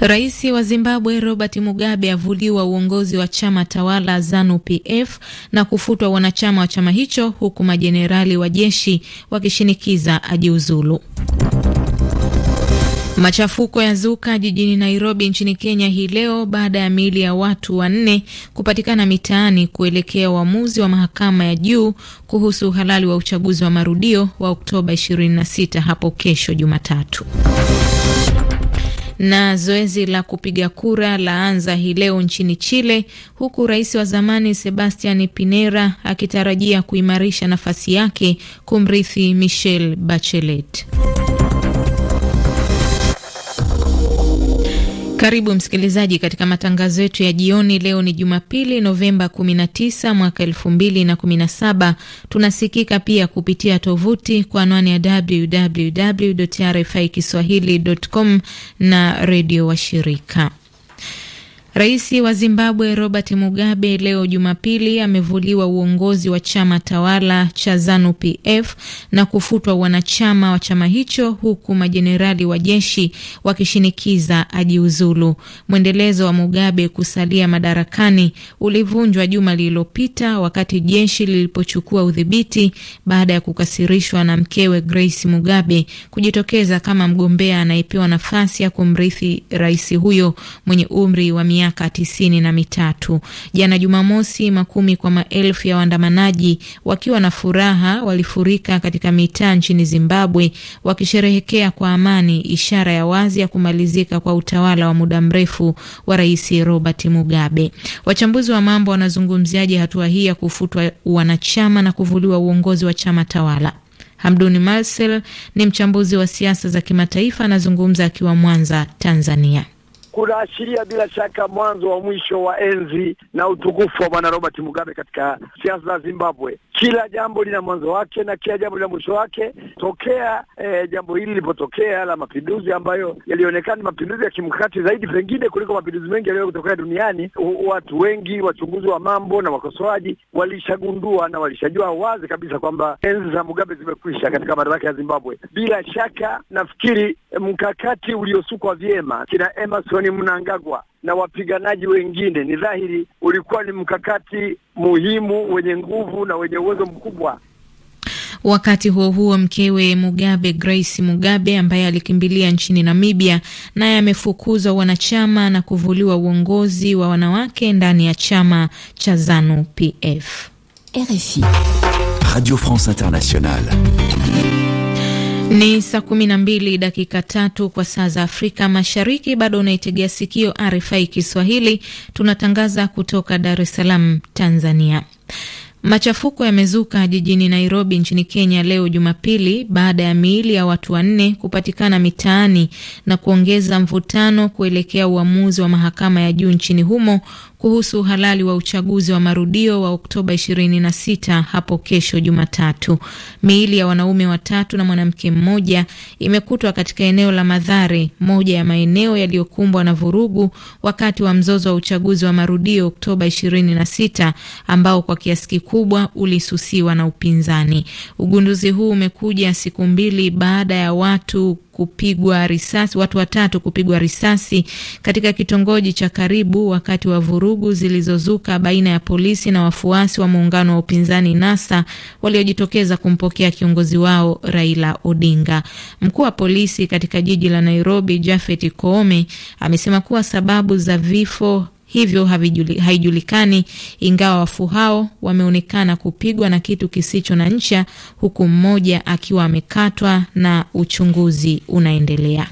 Rais wa Zimbabwe Robert Mugabe avuliwa uongozi wa chama tawala ZANU PF na kufutwa wanachama wa chama hicho huku majenerali wa jeshi wakishinikiza ajiuzulu. Machafuko ya zuka jijini Nairobi nchini Kenya hii leo baada ya miili ya watu wanne kupatikana mitaani kuelekea uamuzi wa mahakama ya juu kuhusu uhalali wa uchaguzi wa marudio wa Oktoba 26 hapo kesho Jumatatu. Na zoezi la kupiga kura laanza hii leo nchini Chile, huku rais wa zamani Sebastian Pinera akitarajia kuimarisha nafasi yake kumrithi Michelle Bachelet. Karibu msikilizaji katika matangazo yetu ya jioni. Leo ni Jumapili, Novemba 19 mwaka 2017. Tunasikika pia kupitia tovuti kwa anwani ya www RFI kiswahili.com na redio washirika Rais wa Zimbabwe Robert Mugabe leo Jumapili amevuliwa uongozi wa chama tawala cha ZANU PF na kufutwa wanachama wa chama hicho, huku majenerali wa jeshi wakishinikiza ajiuzulu. Mwendelezo wa Mugabe kusalia madarakani ulivunjwa juma lililopita wakati jeshi lilipochukua udhibiti baada ya kukasirishwa na mkewe Grace Mugabe kujitokeza kama mgombea anayepewa nafasi ya kumrithi rais huyo mwenye umri wa miaka miaka tisini na mitatu. Jana Jumamosi, makumi kwa maelfu ya waandamanaji wakiwa na furaha walifurika katika mitaa nchini Zimbabwe wakisherehekea kwa amani, ishara ya wazi ya kumalizika kwa utawala wa muda mrefu wa Rais Robert Mugabe. Wachambuzi wa mambo wanazungumziaje hatua hii ya kufutwa wanachama na kuvuliwa uongozi wa chama tawala? Hamduni Marcel ni mchambuzi wa siasa za kimataifa, anazungumza akiwa Mwanza, Tanzania kunaashiria bila shaka mwanzo wa mwisho wa enzi na utukufu wa Bwana Robert Mugabe katika siasa za Zimbabwe. Kila jambo lina mwanzo wake na kila jambo lina mwisho wake. Tokea eh, jambo hili lilipotokea la mapinduzi ambayo yalionekana ni mapinduzi ya kimkakati zaidi pengine kuliko mapinduzi mengi yaliyo kutokea duniani, watu wengi, wachunguzi wa mambo na wakosoaji walishagundua na walishajua wazi kabisa kwamba enzi za Mugabe zimekwisha katika madaraka ya Zimbabwe. Bila shaka nafikiri mkakati uliosukwa vyema kina Emerson ni Mnangagwa na wapiganaji wengine, ni dhahiri ulikuwa ni mkakati muhimu wenye nguvu na wenye uwezo mkubwa. Wakati huo huo, mkewe Mugabe, Grace Mugabe, ambaye alikimbilia nchini Namibia, naye amefukuzwa wanachama na kuvuliwa uongozi wa wanawake ndani ya chama cha ZANU PF. RFI, Radio France Internationale. Ni saa kumi na mbili dakika tatu kwa saa za Afrika Mashariki. Bado unaitegea sikio RFI Kiswahili, tunatangaza kutoka Dar es Salaam, Tanzania. Machafuko yamezuka jijini Nairobi nchini Kenya leo Jumapili baada ya miili ya watu wanne kupatikana mitaani na kuongeza mvutano kuelekea uamuzi wa mahakama ya juu nchini humo kuhusu uhalali wa uchaguzi wa marudio wa Oktoba 26 hapo kesho Jumatatu. Miili ya wanaume watatu na mwanamke mmoja imekutwa katika eneo la Madhare, moja ya maeneo yaliyokumbwa na vurugu wakati wa mzozo wa uchaguzi wa marudio Oktoba 26 ambao kwa kiasi kikubwa ulisusiwa na upinzani. Ugunduzi huu umekuja siku mbili baada ya watu kupigwa risasi, watu watatu kupigwa risasi katika kitongoji cha karibu wakati wa vurugu zilizozuka baina ya polisi na wafuasi wa muungano wa upinzani NASA waliojitokeza kumpokea kiongozi wao Raila Odinga. Mkuu wa polisi katika jiji la Nairobi, Jafet Koome amesema kuwa sababu za vifo hivyo haijulikani ingawa wafu hao wameonekana kupigwa na kitu kisicho na ncha, huku mmoja akiwa amekatwa na uchunguzi unaendelea.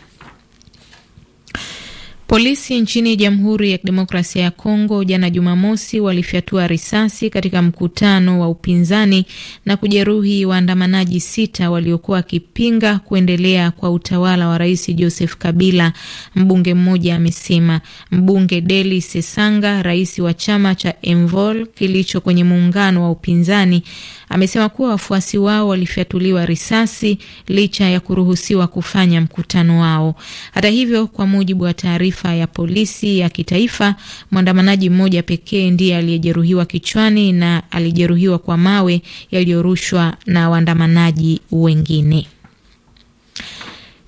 Polisi nchini Jamhuri ya Kidemokrasia ya Kongo jana Jumamosi walifyatua risasi katika mkutano wa upinzani na kujeruhi waandamanaji sita waliokuwa wakipinga kuendelea kwa utawala wa Rais Joseph Kabila, mbunge mmoja amesema. Mbunge Deli Sesanga, rais wa chama cha Envol kilicho kwenye muungano wa upinzani, amesema kuwa wafuasi wao walifyatuliwa risasi licha ya kuruhusiwa kufanya mkutano wao. Hata hivyo, kwa mujibu wa taarifa ya polisi ya kitaifa, mwandamanaji mmoja pekee ndiye aliyejeruhiwa kichwani na alijeruhiwa kwa mawe yaliyorushwa na waandamanaji wengine.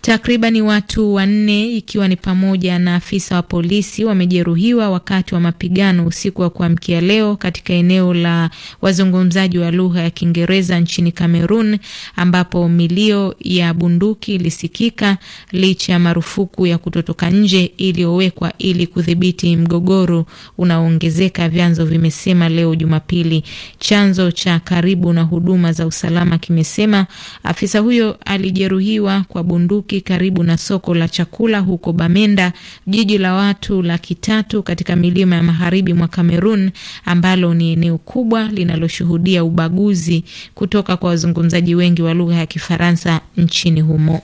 Takribani watu wanne ikiwa ni pamoja na afisa wa polisi wamejeruhiwa wakati wa mapigano usiku wa kuamkia leo katika eneo la wazungumzaji wa lugha ya Kiingereza nchini Kamerun, ambapo milio ya bunduki ilisikika licha ya marufuku ya kutotoka nje iliyowekwa ili kudhibiti mgogoro unaoongezeka, vyanzo vimesema leo Jumapili. Chanzo cha karibu na huduma za usalama kimesema afisa huyo alijeruhiwa kwa bunduki Mashariki karibu na soko la chakula huko Bamenda, jiji la watu laki tatu katika milima ya magharibi mwa Kamerun, ambalo ni eneo kubwa linaloshuhudia ubaguzi kutoka kwa wazungumzaji wengi wa lugha ya Kifaransa nchini humo.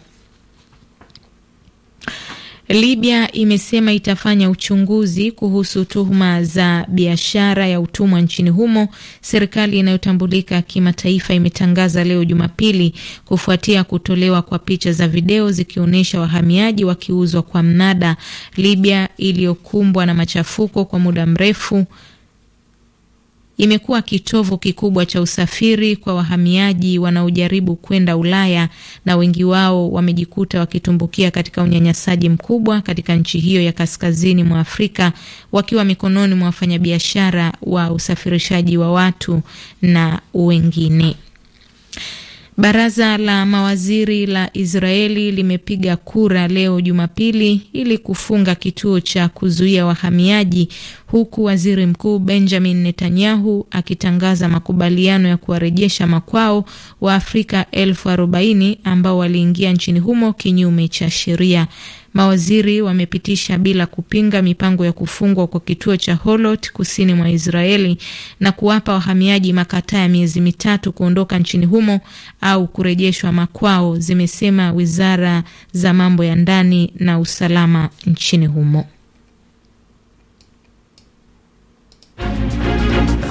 Libya imesema itafanya uchunguzi kuhusu tuhuma za biashara ya utumwa nchini humo, serikali inayotambulika kimataifa imetangaza leo Jumapili, kufuatia kutolewa kwa picha za video zikionyesha wahamiaji wakiuzwa kwa mnada. Libya iliyokumbwa na machafuko kwa muda mrefu imekuwa kitovu kikubwa cha usafiri kwa wahamiaji wanaojaribu kwenda Ulaya na wengi wao wamejikuta wakitumbukia katika unyanyasaji mkubwa katika nchi hiyo ya kaskazini mwa Afrika wakiwa mikononi mwa wafanyabiashara wa usafirishaji wa watu na wengine. Baraza la mawaziri la Israeli limepiga kura leo Jumapili ili kufunga kituo cha kuzuia wahamiaji huku waziri mkuu Benjamin Netanyahu akitangaza makubaliano ya kuwarejesha makwao wa Afrika elfu arobaini ambao waliingia nchini humo kinyume cha sheria. Mawaziri wamepitisha bila kupinga mipango ya kufungwa kwa kituo cha Holot kusini mwa Israeli na kuwapa wahamiaji makataa ya miezi mitatu kuondoka nchini humo au kurejeshwa makwao, zimesema wizara za mambo ya ndani na usalama nchini humo.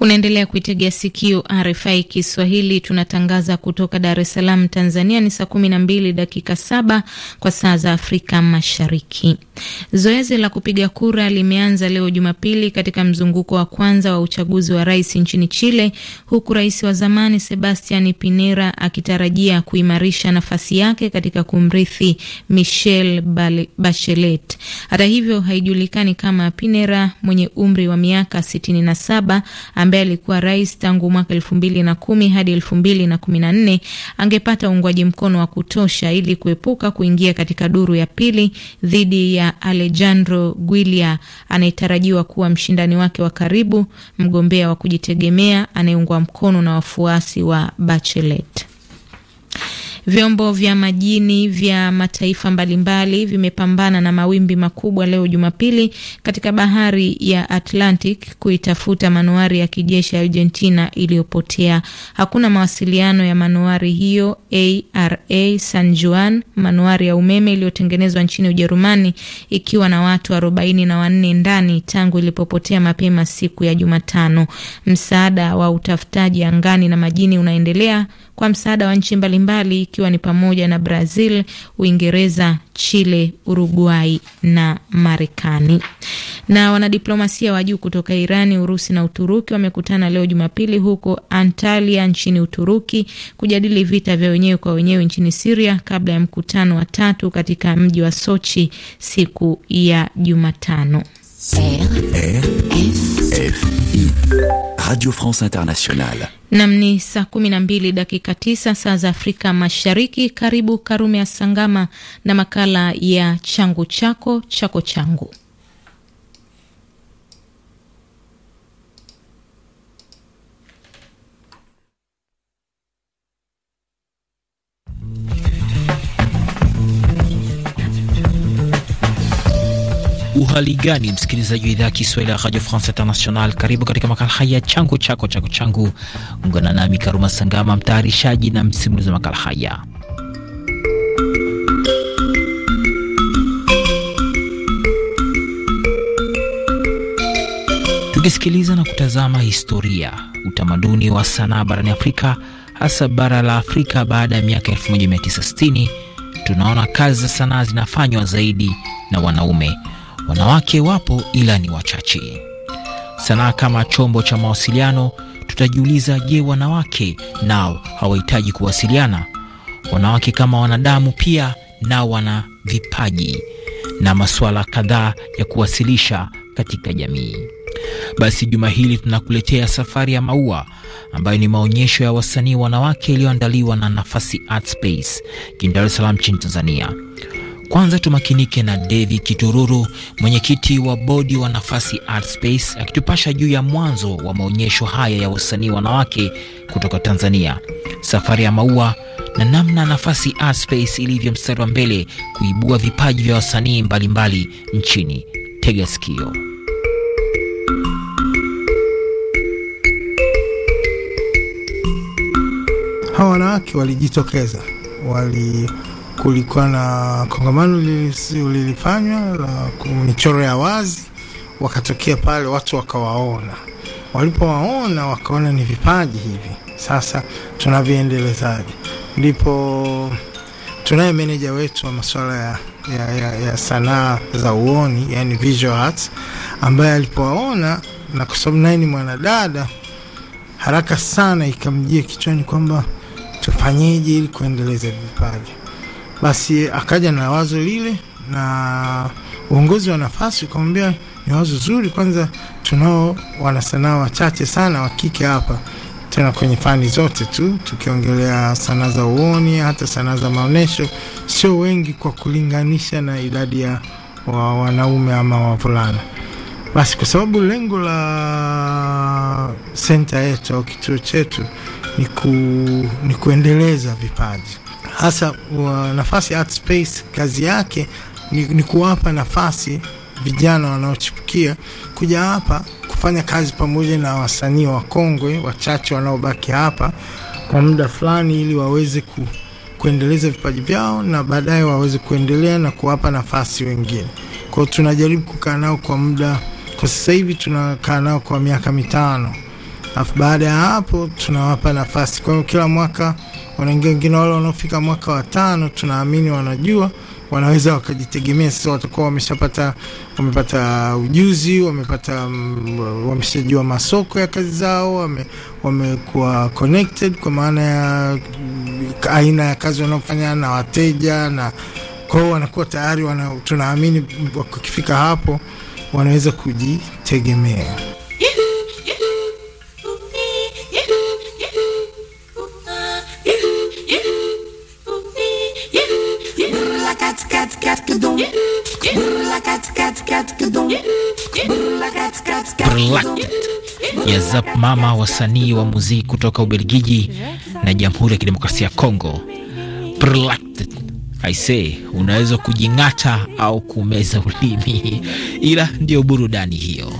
Unaendelea kuitegea sikio RFI Kiswahili, tunatangaza kutoka Dar es Salaam, Tanzania. Ni saa kumi na mbili dakika saba kwa saa za Afrika Mashariki. Zoezi la kupiga kura limeanza leo Jumapili katika mzunguko wa kwanza wa uchaguzi wa rais nchini Chile, huku rais wa zamani Sebastian Pinera akitarajia kuimarisha nafasi yake katika kumrithi Michelle Bachelet. Hata hivyo, haijulikani kama Pinera mwenye umri wa miaka 67 ambaye alikuwa rais tangu mwaka elfu mbili na kumi hadi elfu mbili na kumi na nne angepata uungwaji mkono wa kutosha ili kuepuka kuingia katika duru ya pili dhidi ya Alejandro Guilia anayetarajiwa kuwa mshindani wake wa karibu, mgombea wa kujitegemea anayeungwa mkono na wafuasi wa Bachelet. Vyombo vya majini vya mataifa mbalimbali vimepambana na mawimbi makubwa leo Jumapili katika bahari ya Atlantic kuitafuta manuari ya kijeshi ya Argentina iliyopotea. Hakuna mawasiliano ya manuari hiyo ARA San Juan, manuari ya umeme iliyotengenezwa nchini Ujerumani ikiwa na watu arobaini na wanne ndani tangu ilipopotea mapema siku ya Jumatano. Msaada wa utafutaji angani na majini unaendelea kwa msaada wa nchi mbalimbali ikiwa ni pamoja na Brazil, Uingereza, Chile, Uruguai na Marekani. Na wanadiplomasia wa juu kutoka Irani, Urusi na Uturuki wamekutana leo Jumapili huko Antalya nchini Uturuki kujadili vita vya wenyewe kwa wenyewe nchini Siria kabla ya mkutano wa tatu katika mji wa Sochi siku ya Jumatano. RFI Radio France Internationale. Nam ni saa kumi na mbili dakika tisa saa za Afrika Mashariki. Karibu Karume ya Sangama na makala ya changu chako chako changu. hali gani, msikilizaji wa idhaa ya Kiswahili ya Radio France International, karibu katika makala haya changu chako chako changu. Ungana nami Karuma Sangama, mtayarishaji na msimulizi wa makala haya. Tukisikiliza na kutazama historia, utamaduni wa sanaa barani Afrika, hasa bara la Afrika baada ya miaka 1960, tunaona kazi za sanaa zinafanywa zaidi na wanaume Wanawake wapo ila ni wachache. Sanaa kama chombo cha mawasiliano, tutajiuliza, je, wanawake nao hawahitaji kuwasiliana? Wanawake kama wanadamu pia nao wana vipaji na masuala kadhaa ya kuwasilisha katika jamii. Basi juma hili tunakuletea safari ya maua ambayo ni maonyesho ya wasanii wanawake yaliyoandaliwa na Nafasi Art Space jijini Dar es Salaam nchini Tanzania. Kwanza tumakinike na Devi Kitururu, mwenyekiti wa bodi wa Nafasi Art Space, akitupasha juu ya mwanzo wa maonyesho haya ya wasanii wanawake kutoka Tanzania, safari ya maua na namna Nafasi Art Space ilivyo mstari wa mbele kuibua vipaji vya wasanii mbalimbali nchini. Tega sikio. Hawa wanawake walijitokeza wali kulikuwa na kongamano lilifanywa la michoro ya wazi, wakatokea pale watu wakawaona. Walipowaona wakaona ni vipaji hivi, sasa tunavyoendelezaje? Ndipo tunaye meneja wetu wa masuala ya, ya, ya, ya sanaa za uoni, yani visual arts, ambaye alipowaona na kwa sababu naye ni mwanadada, haraka sana ikamjia kichwani kwamba tufanyeje ili kuendeleza vipaji basi akaja na wazo lile, na uongozi wa nafasi ukamwambia ni wazo zuri, kwanza tunao wanasanaa wachache sana wa kike hapa tena kwenye fani zote tu, tukiongelea sanaa za uoni, hata sanaa za maonyesho, sio wengi kwa kulinganisha na idadi ya wa wanaume ama wavulana. Basi kwa sababu lengo la senta yetu au kituo chetu ni, ku, ni kuendeleza vipaji hasa nafasi Art Space kazi yake ni, ni kuwapa nafasi vijana wanaochipukia kuja hapa kufanya kazi pamoja na wasanii wakongwe wachache wanaobaki hapa kwa muda fulani, ili waweze ku, kuendeleza vipaji vyao na baadaye waweze kuendelea na kuwapa nafasi wengine. Kwao tunajaribu kukaa nao kwa muda, kwa sasa hivi tunakaa nao kwa miaka mitano, alafu baada ya hapo tunawapa nafasi. Kwa hiyo kila mwaka wanaingia wengine, wale wanaofika mwaka wa tano tunaamini wanajua wanaweza wakajitegemea. Sasa watakuwa wameshapata wamepata ujuzi, wamepata mm, wameshajua masoko ya kazi zao, wame, wamekuwa connected kwa maana ya mm, aina ya kazi wanaofanya na wateja, na kwao wanakuwa tayari wana, tunaamini wakifika hapo wanaweza kujitegemea. Reluctant ya Zap Mama, wasanii wa muziki kutoka Ubelgiji na Jamhuri ya Kidemokrasia ya Kongo. Reluctant I say, unaweza kujing'ata au kumeza ulimi, ila ndiyo burudani hiyo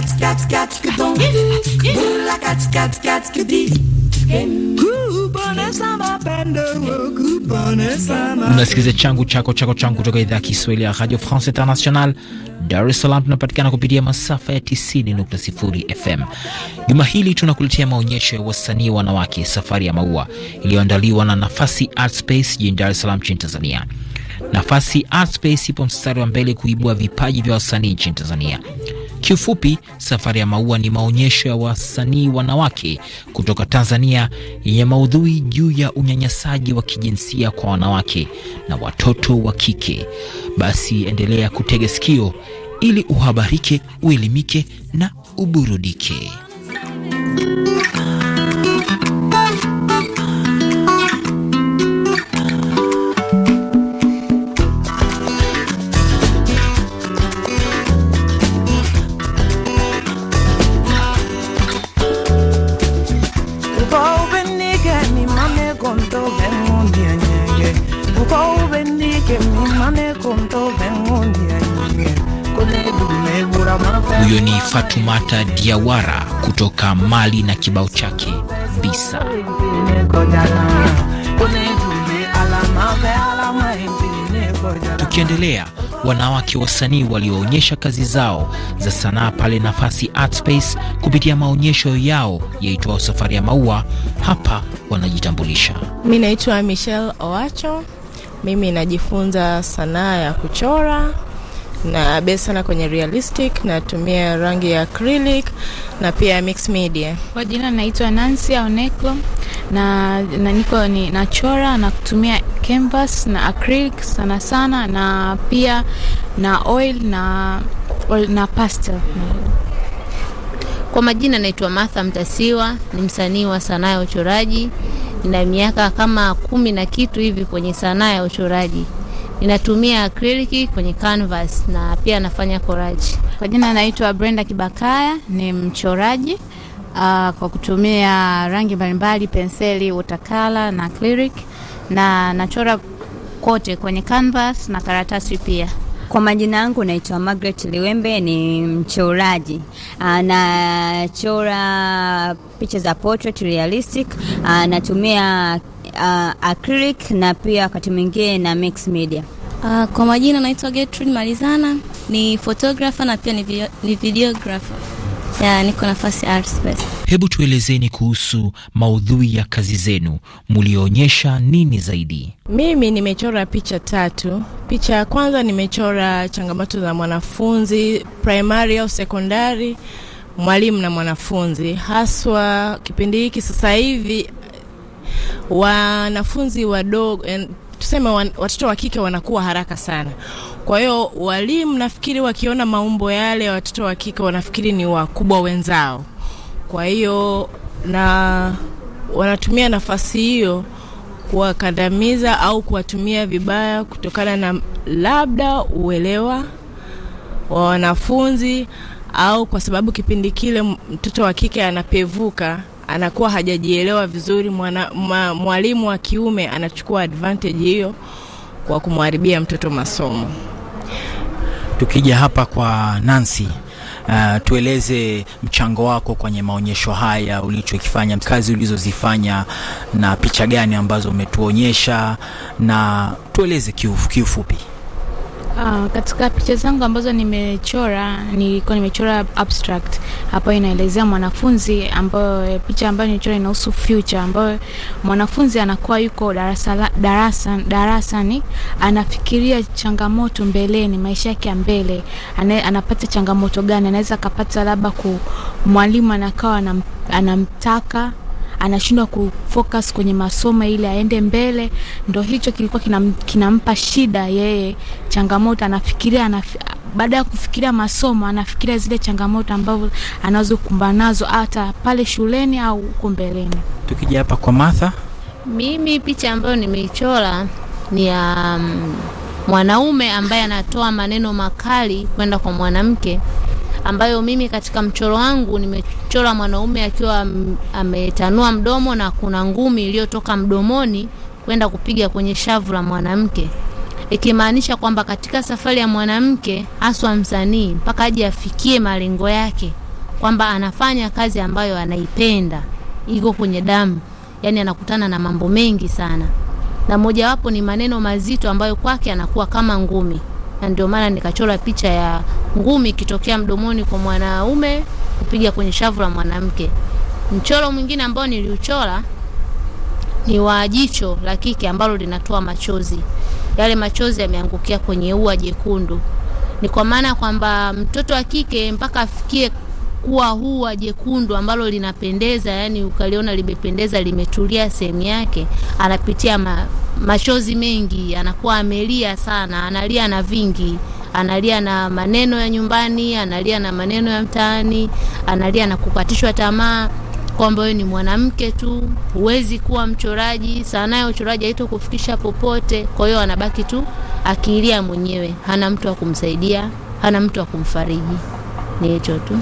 cats, cats, cats, que don. cats, cats, cats, que di. Unasikiliza changu chako chako changu kutoka idhaa ya Kiswahili ya Radio France International, Dar es Salaam. Tunapatikana kupitia masafa ya 90.0 FM. Juma hili tunakuletea maonyesho ya wasanii wanawake, safari ya maua, iliyoandaliwa na Nafasi Art Space jijini Dar es Salaam nchini Tanzania. Nafasi Art Space ipo mstari wa mbele kuibua vipaji vya wasanii nchini Tanzania. Kiufupi, safari ya maua ni maonyesho ya wasanii wanawake kutoka Tanzania yenye maudhui juu ya unyanyasaji wa kijinsia kwa wanawake na watoto wa kike. Basi endelea kutega sikio ili uhabarike, uelimike na uburudike. Fatumata Diawara kutoka Mali na kibao chake Bisa. Tukiendelea, wanawake wasanii walioonyesha kazi zao za sanaa pale Nafasi Art Space kupitia maonyesho yao yaitwao Safari ya Maua, hapa wanajitambulisha. Mi naitwa Michelle Owacho, mimi najifunza sanaa ya kuchora na base sana kwenye realistic, natumia rangi ya acrylic na pia mixed media. Kwa jina naitwa Nancy Oneklo na, na niko ni nachora na kutumia canvas na acrylic sana sana na pia na oil na, oil na pastel. Kwa majina naitwa Martha Mtasiwa, ni msanii wa sanaa ya uchoraji, na miaka kama kumi na kitu hivi kwenye sanaa ya uchoraji ninatumia acrylic kwenye canvas na pia nafanya collage. Kwa jina naitwa Brenda Kibakaya, ni mchoraji uh, kwa kutumia rangi mbalimbali, penseli, watercolor na acrylic, na nachora kote kwenye canvas na karatasi pia. Kwa majina yangu naitwa Margaret Liwembe, ni mchoraji, anachora ah, picha za portrait realistic, anatumia ah, uh, acrylic na pia wakati mwingine na mix media. Uh, kwa majina naitwa Gertrude Malizana, ni photographer na pia ni, video, ni videographer. Ya, niko nafasi Art Space. Hebu tuelezeni kuhusu maudhui ya kazi zenu, mlioonyesha nini zaidi? Mimi nimechora picha tatu. Picha ya kwanza nimechora changamoto za mwanafunzi primary au sekondari, mwalimu na mwanafunzi, haswa kipindi hiki sasa hivi wanafunzi wadogo tuseme watoto wa kike wanakuwa haraka sana. Kwa hiyo walimu nafikiri wakiona maumbo yale ya watoto wa kike wanafikiri ni wakubwa wenzao, kwa hiyo na wanatumia nafasi hiyo kuwakandamiza au kuwatumia vibaya kutokana na labda uelewa wa wanafunzi au kwa sababu kipindi kile mtoto wa kike anapevuka anakuwa hajajielewa vizuri. Mwana, ma, mwalimu wa kiume anachukua advantage hiyo kwa kumharibia mtoto masomo. Tukija hapa kwa Nancy, uh, tueleze mchango wako kwenye maonyesho haya ulichokifanya, kazi ulizozifanya na picha gani ambazo umetuonyesha, na tueleze kiufupi kiu Uh, katika picha zangu ambazo nimechora nilikuwa nimechora abstract ambayo inaelezea mwanafunzi ambayo picha ambayo nimechora inahusu future ambayo mwanafunzi anakuwa yuko darasa, darasa, darasani anafikiria changamoto mbeleni, maisha yake ya mbele, anapata changamoto gani? Anaweza akapata labda mwalimu anakawa anam, anamtaka anashindwa kufocus kwenye masomo ili aende mbele. Ndo hicho kilikuwa kinam, kinampa shida yeye, changamoto anafikiria anafi, baada ya kufikiria masomo anafikiria zile changamoto ambazo anazokumbana nazo hata pale shuleni au huko mbeleni. Tukija hapa kwa Martha, mimi picha ambayo nimeichora ni ya um, mwanaume ambaye anatoa maneno makali kwenda kwa mwanamke ambayo mimi katika mchoro wangu nimechora mwanaume akiwa ametanua mdomo na kuna ngumi iliyotoka mdomoni kwenda kupiga kwenye shavu la mwanamke, ikimaanisha kwamba katika safari ya mwanamke haswa msanii mpaka aje afikie malengo yake, kwamba anafanya kazi ambayo anaipenda, iko kwenye damu, yani anakutana na mambo mengi sana, na mojawapo ni maneno mazito ambayo kwake anakuwa kama ngumi, na ndio maana nikachora picha ya ngumi ikitokea mdomoni kwa mwanaume kupiga kwenye shavu la mwanamke. Mchoro mwingine ambao niliuchora ni wa jicho la kike ambalo linatoa machozi. Yale machozi yameangukia kwenye ua jekundu. Ni kwa maana kwamba mtoto wa kike mpaka afikie kuwa huwa jekundu ambalo linapendeza, yani ukaliona limependeza, limetulia sehemu yake, anapitia ma, machozi mengi, anakuwa amelia sana, analia na vingi analia na maneno ya nyumbani, analia na maneno ya mtaani, analia na kukatishwa tamaa kwamba wewe ni mwanamke tu, huwezi kuwa mchoraji. Sanaa ya uchoraji kufikisha popote. Kwa hiyo anabaki tu akilia mwenyewe, hana mtu wa kumsaidia, hana mtu wa kumfariji. Ni hicho tu.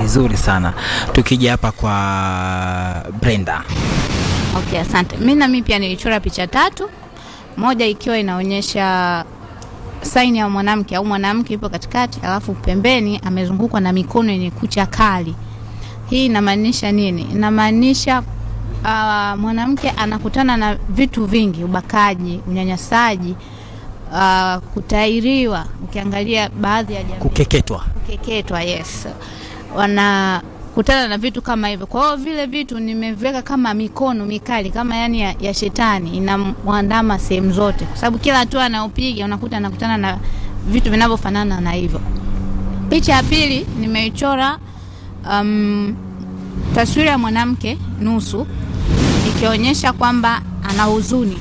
Vizuri sana. Tukija hapa kwa Brenda. Okay, asante. Mimi na mimi pia nilichora picha tatu, moja ikiwa inaonyesha saini ya mwanamke au mwanamke yupo katikati, alafu pembeni amezungukwa na mikono yenye kucha kali. Hii inamaanisha nini? Inamaanisha uh, mwanamke anakutana na vitu vingi: ubakaji, unyanyasaji, uh, kutairiwa. Ukiangalia baadhi ya jamii, kukeketwa, kukeketwa, yes, wana kukutana na vitu kama hivyo. Kwa hiyo vile vitu nimeviweka kama mikono mikali kama yani ya, ya shetani inamwandama sehemu zote, kwa sababu kila hatua anayopiga unakuta anakutana na vitu vinavyofanana na hivyo. Picha ya pili nimeichora um, taswira ya mwanamke nusu ikionyesha kwamba ana huzuni,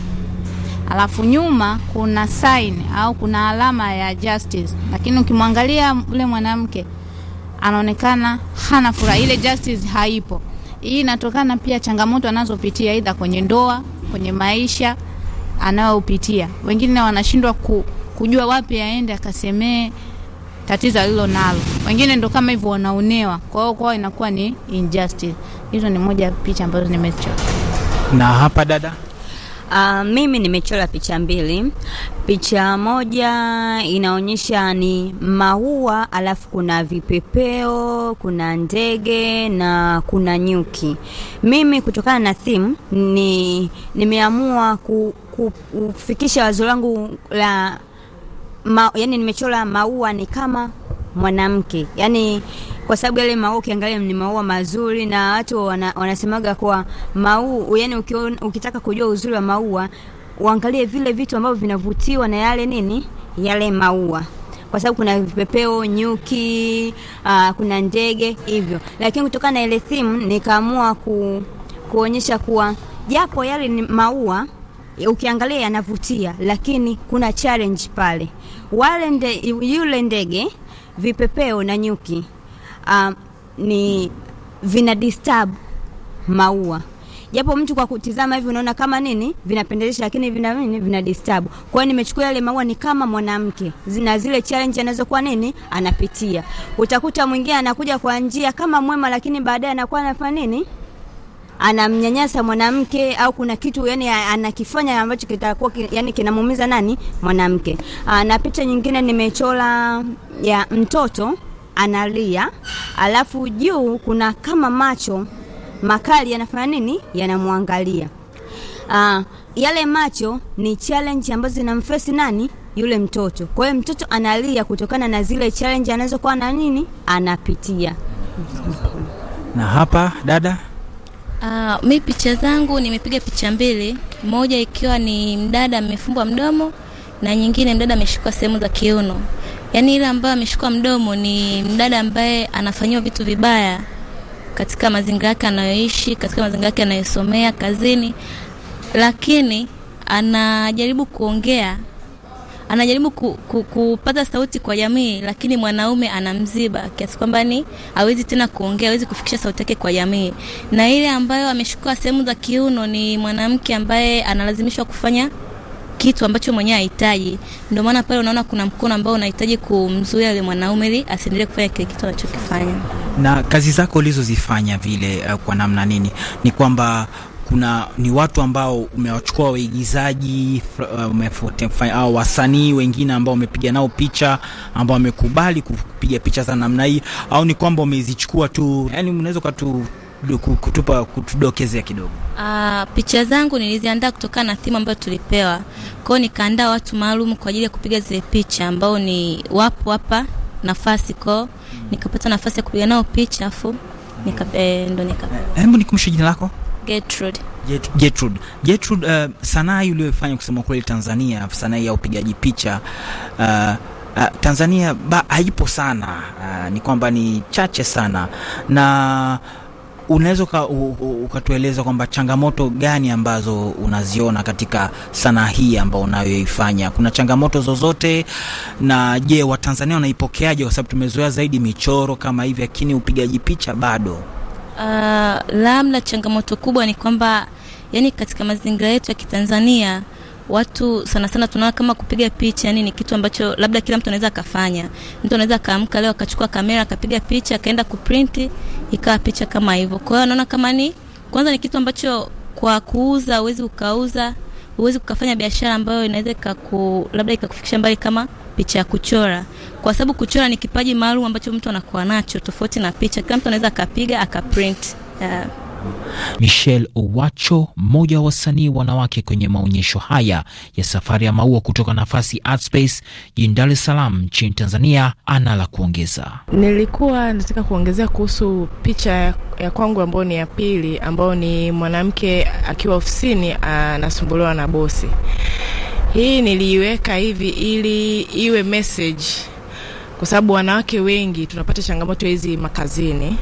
alafu nyuma kuna sign au kuna alama ya justice, lakini ukimwangalia ule mwanamke anaonekana hana furaha, ile justice haipo. Hii inatokana pia changamoto anazopitia aidha kwenye ndoa, kwenye maisha anayopitia. Wengine wanashindwa ku, kujua wapi aende akasemee tatizo alilo nalo. Wengine ndo kama hivyo wanaonewa, kwa hiyo kwao inakuwa ni injustice. Hizo ni moja ya picha ambazo nimechoka Na hapa dada Uh, mimi nimechora picha mbili. Picha moja inaonyesha ni maua, alafu kuna vipepeo, kuna ndege na kuna nyuki. Mimi kutokana na theme ni nimeamua ku, ku, kufikisha wazo langu la ma, yani nimechora maua ni kama mwanamke yani, kwa sababu yale maua ukiangalia ni maua mazuri, na watu wana, wanasemaga kwa maua yani, ukitaka kujua uzuri wa maua uangalie vile vitu ambavyo vinavutiwa na yale nini, yale maua kwa sababu kuna vipepeo, nyuki, uh, kuna ndege hivyo. Lakini kutokana na ile theme nikaamua ku, kuonyesha kuwa japo yale ni maua ukiangalia yanavutia, lakini kuna challenge pale. Wale nde, yule ndege vipepeo na nyuki um, ni vina disturb maua japo mtu kwa kutizama hivi unaona kama nini vinapendezesha, lakini vina nini, vina disturb. Kwa hiyo nimechukua yale maua ni kama mwanamke, zina zile challenge anazokuwa nini anapitia. Utakuta mwingine anakuja kwa njia kama mwema, lakini baadaye anakuwa anafanya nini anamnyanyasa mwanamke au kuna kitu yani anakifanya ambacho kitakuwa yani kinamuumiza nani mwanamke. Ah, na picha nyingine nimechora ya mtoto analia, alafu juu kuna kama macho makali yanafanya nini, yanamwangalia. Uh, yale macho ni challenge ambazo zinamfesi nani yule mtoto. Kwa hiyo mtoto analia kutokana na zile challenge anazokuwa na nini anapitia. Na hapa dada Uh, mi picha zangu nimepiga picha mbili, moja ikiwa ni mdada amefumbwa mdomo na nyingine mdada ameshikwa sehemu za kiuno. Yaani ile ambayo ameshikwa mdomo ni mdada ambaye anafanyiwa vitu vibaya katika mazingira yake anayoishi, katika mazingira yake anayosomea, kazini, lakini anajaribu kuongea anajaribu ku, ku, kupata sauti kwa jamii, lakini mwanaume anamziba kiasi kwamba ni hawezi tena kuongea, hawezi kufikisha sauti yake kwa jamii. Na ile ambayo ameshukua sehemu za kiuno ni mwanamke ambaye analazimishwa kufanya kitu ambacho mwenyewe hahitaji. Ndio maana pale unaona kuna mkono ambao unahitaji kumzuia yule mwanaume ili asiendelee kufanya kile kitu anachokifanya. Na kazi zako ulizozifanya vile, uh, kwa namna nini, ni kwamba kuna ni watu ambao umewachukua waigizaji uh, au wasanii wengine ambao umepiga nao picha ambao wamekubali kupiga picha za namna hii, au ni kwamba umezichukua tu? Yani unaweza ukatu kutupa kutudokezea kidogo. Ah, picha zangu niliziandaa kutokana na thema ambayo tulipewa. kwao, nikaandaa watu maalum kwa ajili ya kupiga zile picha ambao ni wapo hapa nafasi kwao, nikapata nafasi ya kupiga nao picha afu nika, eh, ndo nika. Hebu nikumbushe jina lako. Gertrude. Gertrude, Gertrude, uh, sanaa hii uliyofanya kusema kweli Tanzania, sanaa ya upigaji picha uh, Uh, Tanzania ba, haipo sana uh, ni kwamba ni chache sana, na unaweza ukatueleza kwamba changamoto gani ambazo unaziona katika sanaa hii ambayo unayoifanya? Kuna changamoto zozote? Na je, Watanzania wanaipokeaje? Kwa sababu tumezoea zaidi michoro kama hivi, lakini upigaji picha bado Uh, labda changamoto kubwa ni kwamba yani katika mazingira yetu ya Kitanzania watu sana sana tunaona kama kupiga picha yani ni kitu ambacho labda kila mtu anaweza akafanya. Mtu anaweza akaamka leo akachukua kamera akapiga picha akaenda kuprint ikawa picha kama hivyo. Kwa hiyo anaona kama ni kwanza ni kitu ambacho kwa kuuza uwezi ukauza, uwezi ukafanya biashara ambayo inaweza labda ikakufikisha mbali kama picha ya kuchora, kwa sababu kuchora ni kipaji maalum ambacho mtu anakuwa nacho, tofauti na picha. Kila mtu anaweza akapiga akaprint. Uh, Michelle Owacho, mmoja wa wasanii wanawake kwenye maonyesho haya ya safari ya maua kutoka Nafasi Art Space jijini Dar es Salaam nchini Tanzania, ana la kuongeza. Nilikuwa nataka kuongezea kuhusu picha ya kwangu ambayo ni ya pili, ambayo ni mwanamke akiwa ofisini anasumbuliwa na bosi hii niliiweka hivi ili iwe message, kwa sababu wanawake wengi tunapata changamoto hizi makazini.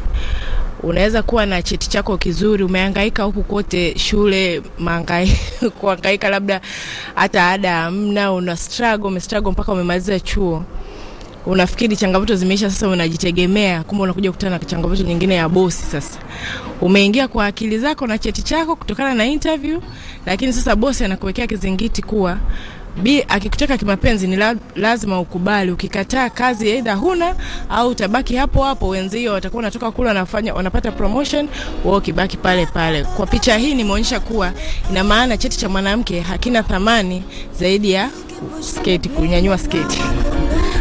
Unaweza kuwa na cheti chako kizuri, umehangaika huku kote shule, kuhangaika labda hata ada hamna, una struggle, umestruggle mpaka umemaliza chuo unafikiri changamoto zimeisha, sasa unajitegemea, kumbe unakuja kukutana na changamoto nyingine ya bosi. Sasa umeingia kwa akili zako na cheti chako kutokana na interview, lakini sasa bosi anakuwekea kizingiti kuwa bi akikutaka kimapenzi ni la, lazima ukubali. Ukikataa kazi aidha huna au utabaki hapo hapo, wenzio watakuwa wanatoka kule wanafanya wanapata promotion, wao kibaki pale pale. Kwa picha hii nimeonyesha kuwa ina maana cheti cha mwanamke hakina thamani zaidi ya sketi, kunyanyua sketi.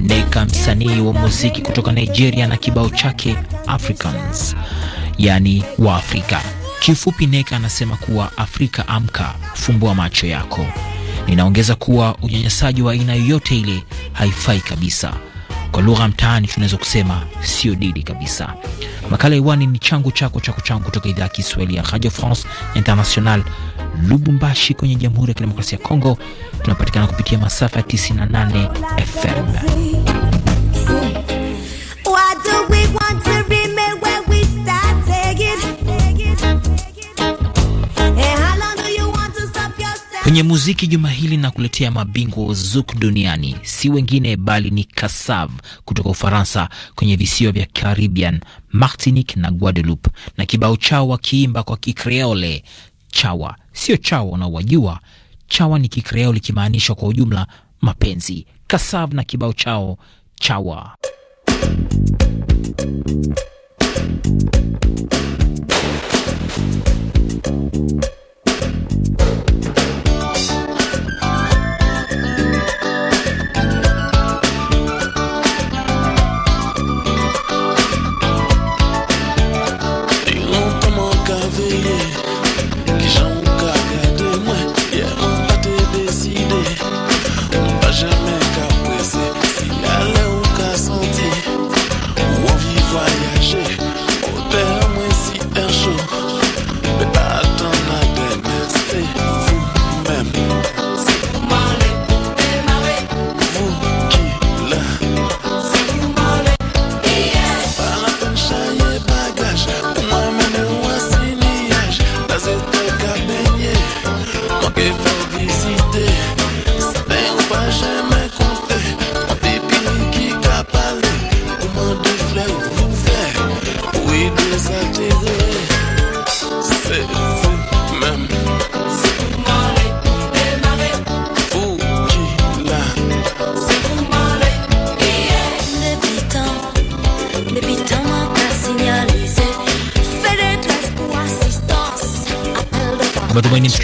Neka msanii wa muziki kutoka Nigeria na kibao chake Africans, yani wa Afrika. Kifupi, Neka anasema kuwa Afrika amka, fumbua macho yako. Ninaongeza kuwa unyanyasaji wa aina yoyote ile haifai kabisa. Kwa lugha mtaani tunaweza kusema sio didi kabisa. Makala iwani ni changu chako chako changu kutoka idhaa ya Kiswahili ya Radio France International, Lubumbashi kwenye Jamhuri ya Kidemokrasia ya Kongo. Tunapatikana kupitia masafa ya 98 FM. Kwenye muziki juma hili na kuletea mabingwa wa zouk duniani, si wengine bali ni Kassav kutoka Ufaransa, kwenye visiwa vya Caribbean, Martinique na Guadeloupe, na kibao chao wakiimba kwa Kikreole. Chawa sio chawa unaowajua, chawa ni Kikreole kimaanishwa kwa ujumla mapenzi. Kassav na kibao chao chawa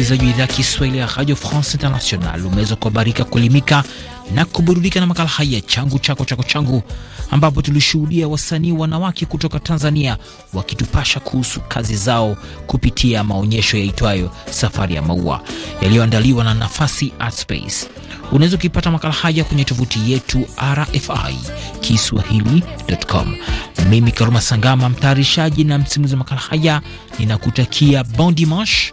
msikilizaji wa idhaa Kiswahili ya Radio France International, umeweza kuhabarika, kuelimika na kuburudika na makala haya changu chako chako changu, ambapo tulishuhudia wasanii wanawake kutoka Tanzania wakitupasha kuhusu kazi zao kupitia maonyesho yaitwayo Safari ya Maua yaliyoandaliwa na Nafasi Art Space. Unaweza ukipata makala haya kwenye tovuti yetu RFI Kiswahili.com. Mimi Karuma Sangama, mtayarishaji na msimuzi wa makala haya, ninakutakia bon dimanche.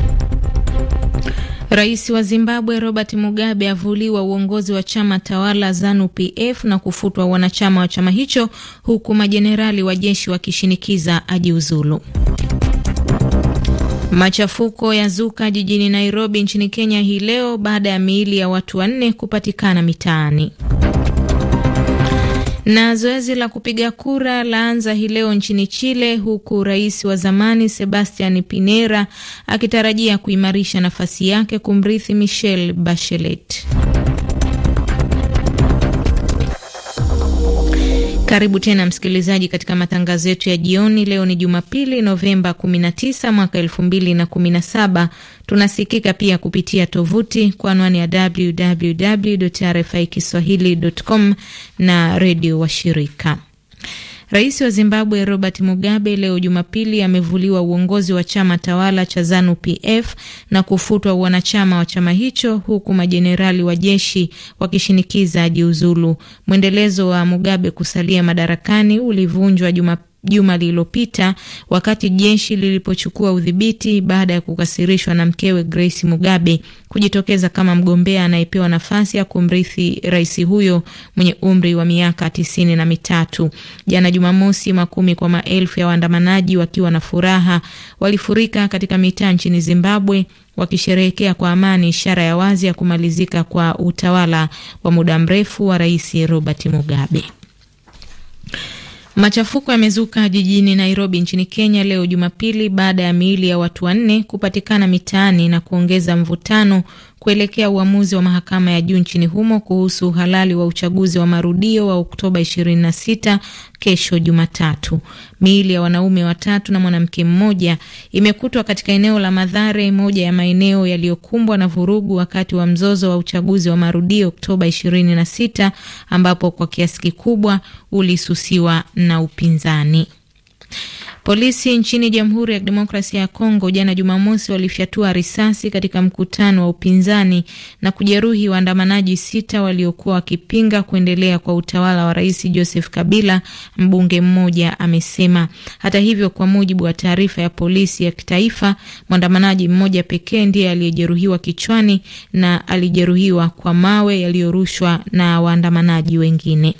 Rais wa Zimbabwe Robert Mugabe avuliwa uongozi wa chama tawala ZANU PF na kufutwa wanachama wa chama hicho huku majenerali wa jeshi wakishinikiza ajiuzulu. Machafuko ya zuka jijini Nairobi nchini Kenya hii leo baada ya miili ya watu wanne kupatikana mitaani. Na zoezi la kupiga kura laanza hii leo nchini Chile, huku rais wa zamani Sebastian Pinera akitarajia kuimarisha nafasi yake kumrithi Michelle Bachelet. Karibu tena msikilizaji, katika matangazo yetu ya jioni. Leo ni Jumapili, Novemba 19 mwaka 2017. Tunasikika pia kupitia tovuti kwa anwani ya www RFI kiswahilicom na redio washirika. Rais wa Zimbabwe Robert Mugabe leo Jumapili amevuliwa uongozi wa chama tawala cha ZANU PF na kufutwa wanachama wa chama hicho, huku majenerali wa jeshi wakishinikiza ajiuzulu. Mwendelezo wa Mugabe kusalia madarakani ulivunjwa Jumapili juma lililopita wakati jeshi lilipochukua udhibiti baada ya kukasirishwa na mkewe Grace Mugabe kujitokeza kama mgombea anayepewa nafasi ya kumrithi rais huyo mwenye umri wa miaka tisini na mitatu. Jana Jumamosi, makumi kwa maelfu ya waandamanaji wakiwa na furaha walifurika katika mitaa nchini Zimbabwe wakisherehekea kwa amani, ishara ya wazi ya kumalizika kwa utawala wa muda mrefu wa Rais Robert Mugabe. Machafuko yamezuka jijini Nairobi nchini Kenya leo Jumapili baada ya miili ya watu wanne kupatikana mitaani na kuongeza mvutano kuelekea uamuzi wa mahakama ya juu nchini humo kuhusu uhalali wa uchaguzi wa marudio wa Oktoba 26 kesho Jumatatu. Miili ya wanaume watatu na mwanamke mmoja imekutwa katika eneo la Madhare, moja ya maeneo yaliyokumbwa na vurugu wakati wa mzozo wa uchaguzi wa marudio Oktoba 26 ambapo kwa kiasi kikubwa ulisusiwa na upinzani. Polisi nchini Jamhuri ya Kidemokrasia ya Kongo jana Jumamosi walifyatua risasi katika mkutano wa upinzani na kujeruhi waandamanaji sita waliokuwa wakipinga kuendelea kwa utawala wa Rais Joseph Kabila, mbunge mmoja amesema. Hata hivyo, kwa mujibu wa taarifa ya polisi ya kitaifa, mwandamanaji mmoja pekee ndiye aliyejeruhiwa kichwani na alijeruhiwa kwa mawe yaliyorushwa na waandamanaji wengine.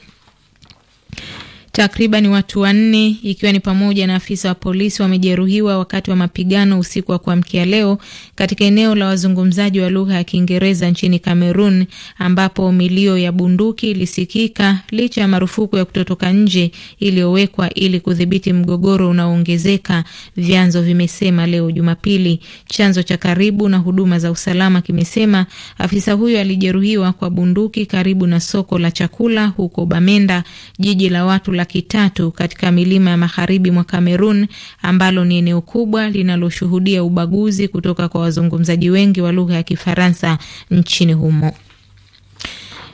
Takriban watu wanne ikiwa ni pamoja na afisa wa polisi wamejeruhiwa wakati wa mapigano usiku wa kuamkia leo katika eneo la wazungumzaji wa lugha ya Kiingereza nchini Kamerun, ambapo milio ya bunduki ilisikika licha ya marufuku ya kutotoka nje iliyowekwa ili kudhibiti mgogoro unaoongezeka, vyanzo vimesema leo Jumapili. Chanzo cha karibu na huduma za usalama kimesema afisa huyo alijeruhiwa kwa bunduki karibu na soko la chakula huko Bamenda, jiji la watu la laki tatu katika milima ya magharibi mwa Kamerun ambalo ni eneo kubwa linaloshuhudia ubaguzi kutoka kwa wazungumzaji wengi wa lugha ya Kifaransa nchini humo.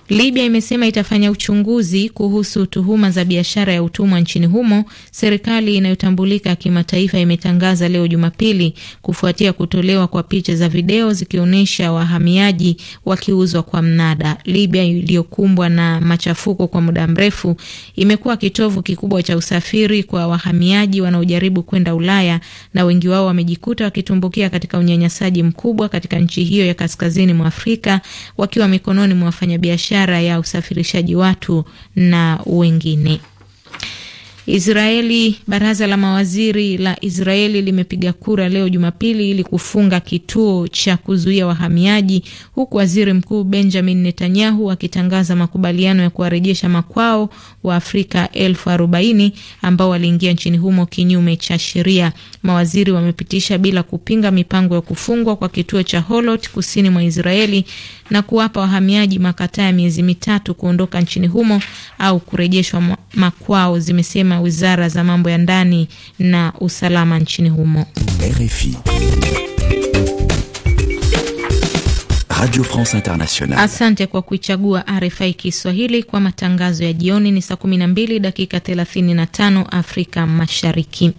Libya imesema itafanya uchunguzi kuhusu tuhuma za biashara ya utumwa nchini humo, serikali inayotambulika kimataifa imetangaza leo Jumapili, kufuatia kutolewa kwa picha za video zikionyesha wahamiaji wakiuzwa kwa mnada. Libya iliyokumbwa na machafuko kwa muda mrefu imekuwa kitovu kikubwa cha usafiri kwa wahamiaji wanaojaribu kwenda Ulaya, na wengi wao wamejikuta wakitumbukia katika unyanyasaji mkubwa katika nchi hiyo ya kaskazini mwa Afrika, wakiwa mikononi mwa wafanyabiashara biashara ya usafirishaji watu na wengine. Israeli. Baraza la mawaziri la Israeli limepiga kura leo Jumapili ili kufunga kituo cha kuzuia wahamiaji, huku waziri mkuu Benjamin Netanyahu akitangaza makubaliano ya kuwarejesha makwao wa Afrika elfu arobaini ambao waliingia nchini humo kinyume cha sheria. Mawaziri wamepitisha bila kupinga mipango ya kufungwa kwa kituo cha Holot kusini mwa Israeli na kuwapa wahamiaji makataa ya miezi mitatu kuondoka nchini humo au kurejeshwa makwao, zimesema wizara za mambo ya ndani na usalama nchini humo. RFI. Radio France Internationale. Asante kwa kuichagua RFI Kiswahili kwa matangazo ya jioni. Ni saa 12 dakika 35 Afrika Mashariki.